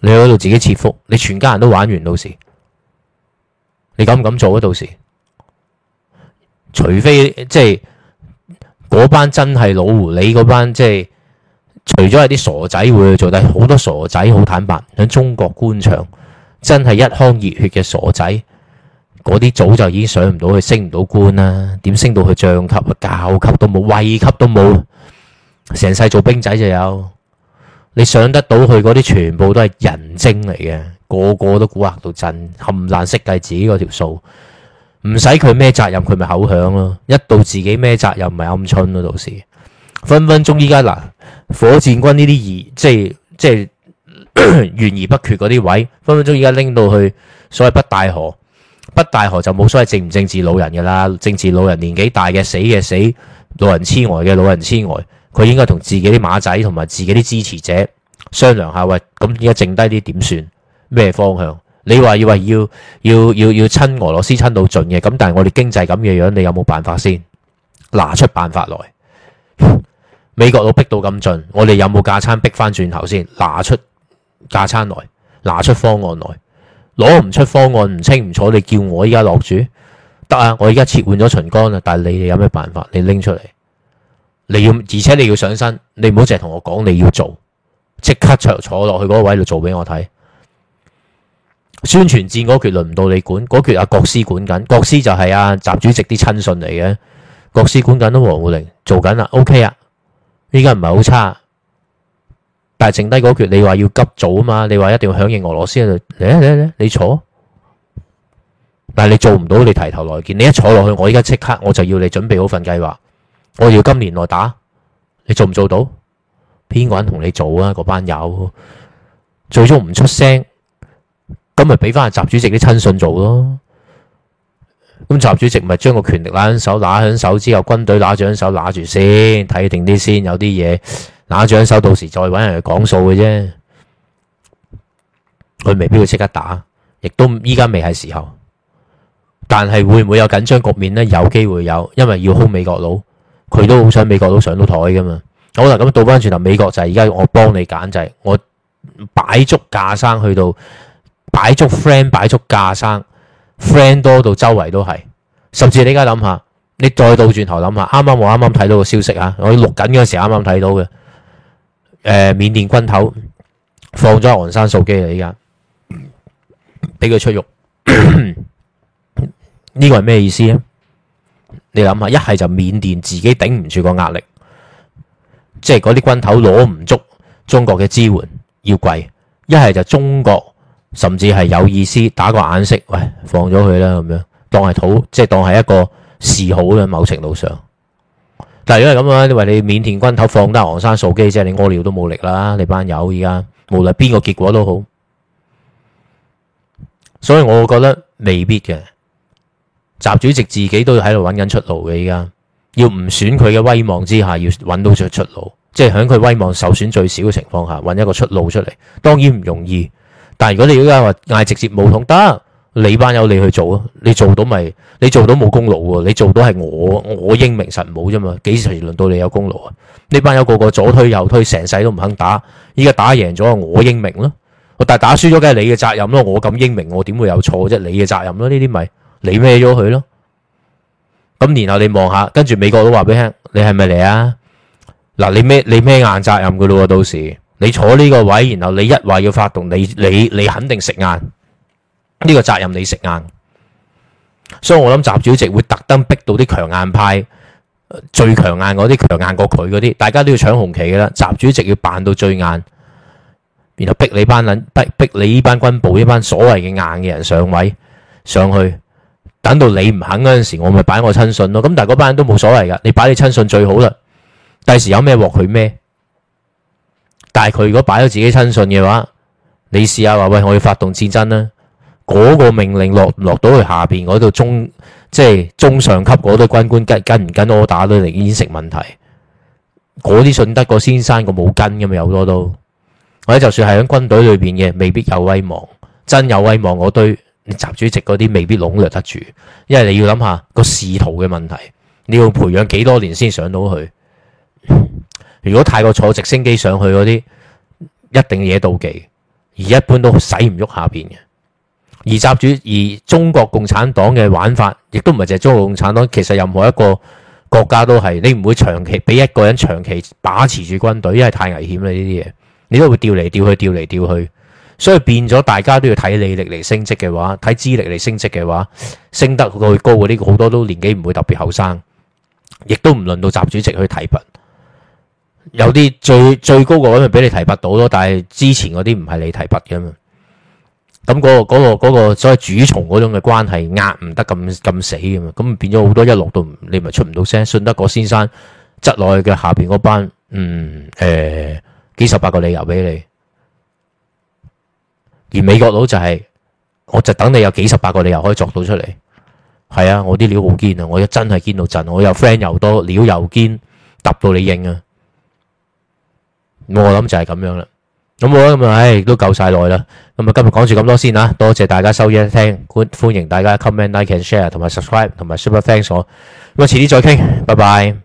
你去嗰度自己切腹，你全家人都玩完到時。你敢唔敢做啊？到時，除非即係嗰班真係老狐狸嗰班即係除咗係啲傻仔會去做，但係好多傻仔，好坦白，喺中國官場真係一腔熱血嘅傻仔，嗰啲早就已經上唔到去，升唔到官啦，點升到去將級啊？校級都冇，尉級都冇，成世做兵仔就有，你上得到去嗰啲，全部都係人精嚟嘅。個個都蠱惑到震，冚爛識計自己嗰條數，唔使佢咩責任，佢咪口響咯。一到自己咩責任，咪暗春咯。到時，分分鐘依家嗱，火箭軍呢啲而，即係即係懸而不決嗰啲位，分分鐘依家拎到去所謂北大河。北大河就冇所謂政唔政治老人噶啦，政治老人年紀大嘅死嘅死，老人痴呆嘅老人痴呆，佢應該同自己啲馬仔同埋自己啲支持者商量下，喂咁依家剩低啲點算？咩方向？你話要話要要要要親俄羅斯親到盡嘅咁，但係我哋經濟咁嘅樣，樣，你有冇辦法先？拿出辦法來。美國佬逼到咁盡，我哋有冇架撐逼翻轉頭先？拿出架撐來，拿出方案來。攞唔出方案，唔清唔楚，你叫我依家落主得啊？我依家切換咗秦剛啦，但係你哋有咩辦法？你拎出嚟，你要而且你要上身，你唔好淨係同我講你要做，即刻坐落去嗰位度做俾我睇。宣傳戰嗰決輪唔到你管，嗰決阿國師管緊，國師就係啊，習主席啲親信嚟嘅，國師管緊都王滬寧做緊啦，OK 啊，依家唔係好差，但係剩低嗰決你話要急早啊嘛，你話一定要響應俄羅斯，嚟嚟嚟，你坐，但係你做唔到，你提頭來見。你一坐落去，我依家即刻我就要你準備好份計劃，我要今年內打，你做唔做到？邊個人同你做啊？嗰班友最終唔出聲。咁咪俾翻阿習主席啲親信做咯，咁習主席咪將個權力拿喺手，拿喺手之後，軍隊拿住喺手，拿住先睇定啲先，有啲嘢拿住喺手，到時再搵人去講數嘅啫。佢未必要即刻打，亦都依家未係時候。但係會唔會有緊張局面呢？有機會有，因為要控美國佬，佢都好想美國佬上到台噶嘛。好啦，咁倒翻轉頭，美國就係而家我幫你揀制，就是、我擺足架生去到。擺足 friend，擺足架生，friend 多到周圍都係，甚至你而家諗下，你再倒轉頭諗下，啱啱我啱啱睇到個消息啊，我錄緊嗰時啱啱睇到嘅，誒，緬甸軍頭放咗昂山素基嚟依家，俾佢出獄，呢個係咩意思咧？你諗下，一係就緬甸自己頂唔住個壓力，即係嗰啲軍頭攞唔足中國嘅支援要貴，一係就中國。甚至係有意思打個眼色，喂，放咗佢啦，咁樣當係土，即係當係一個示好啦。喺某程度上，但如果係咁樣，你話你緬甸軍頭放得昂山素姬，即係你屙尿都冇力啦。你班友依家無論邊個結果都好，所以我覺得未必嘅習主席自己都喺度揾緊出路嘅。依家要唔損佢嘅威望之下，要揾到出出路，即係喺佢威望受損最少嘅情況下，揾一個出路出嚟，當然唔容易。但如果你依家話嗌直接武統得，你班友你去做咯，你做到咪你做到冇功勞嘅，你做到係我我英明神武啫嘛，幾時輪到你有功勞啊？呢班友個個左推右推，成世都唔肯打，依家打贏咗我英明咯，我但係打輸咗，梗係你嘅責任咯，我咁英明我點會有錯啫？你嘅責任咯，呢啲咪你孭咗佢咯。咁然後你望下，跟住美國都話俾你聽，你係咪嚟啊？嗱，你孭你孭硬責任㗎咯，到時。你坐呢個位，然後你一話要發動，你你你肯定食硬，呢個責任你食硬。所以我諗習主席會特登逼到啲強硬派，最強硬嗰啲強硬過佢嗰啲，大家都要搶紅旗噶啦。習主席要扮到最硬，然後逼你班人，逼逼你呢班軍部呢班所謂嘅硬嘅人上位上去，等到你唔肯嗰陣時，我咪擺我親信咯。咁但係嗰班人都冇所謂噶，你擺你親信最好啦。第時有咩鑊佢孭？但係佢如果擺咗自己親信嘅話，你試下話，喂，我要發動戰爭啦，嗰個命令落落到去下邊嗰度中，即係中上級嗰堆軍官跟跟唔跟我打都嚟飲食問題，嗰啲信德個先生個冇跟噶嘛，有多都，或者就算係喺軍隊裏邊嘅，未必有威望，真有威望嗰堆習主席嗰啲，未必籠絡得住，因為你要諗下個仕途嘅問題，你要培養幾多年先上到去。如果太過坐直升機上去嗰啲，一定惹妒忌，而一般都使唔喐下邊嘅。而習主而中國共產黨嘅玩法，亦都唔係淨係中國共產黨，其實任何一個國家都係，你唔會長期俾一個人長期把持住軍隊，因為太危險啦呢啲嘢，你都會調嚟調去，調嚟調去，調嚟調去，所以變咗大家都要睇履歷嚟升職嘅話，睇資歷嚟升職嘅話，升得佢高嘅呢個好多都年紀唔會特別後生，亦都唔輪到習主席去提拔。有啲最最高嗰位咪俾你提拔到咯。但係之前嗰啲唔係你提拔嘅嘛，咁、嗰、嗰個嗰、嗰個、嗰個嗰個所謂主從嗰種嘅關係壓唔得咁咁死啊嘛，咁變咗好多一落到你咪出唔到聲。信德嗰先生質內嘅下邊嗰班，嗯誒、欸，幾十八個理由俾你，而美國佬就係、係、我就等你有幾十八個理由可以作到出嚟。係啊，我啲料好堅啊，我真係堅到震，我有 friend 又多，料又堅，揼到你應啊。我諗就係咁樣啦，咁好啦，唉都夠晒耐啦，咁啊今日講住咁多先啦，多謝大家收聽，歡迎大家 comment like and share 同埋 subscribe 同埋 super thanks 我，咁啊遲啲再傾，拜拜。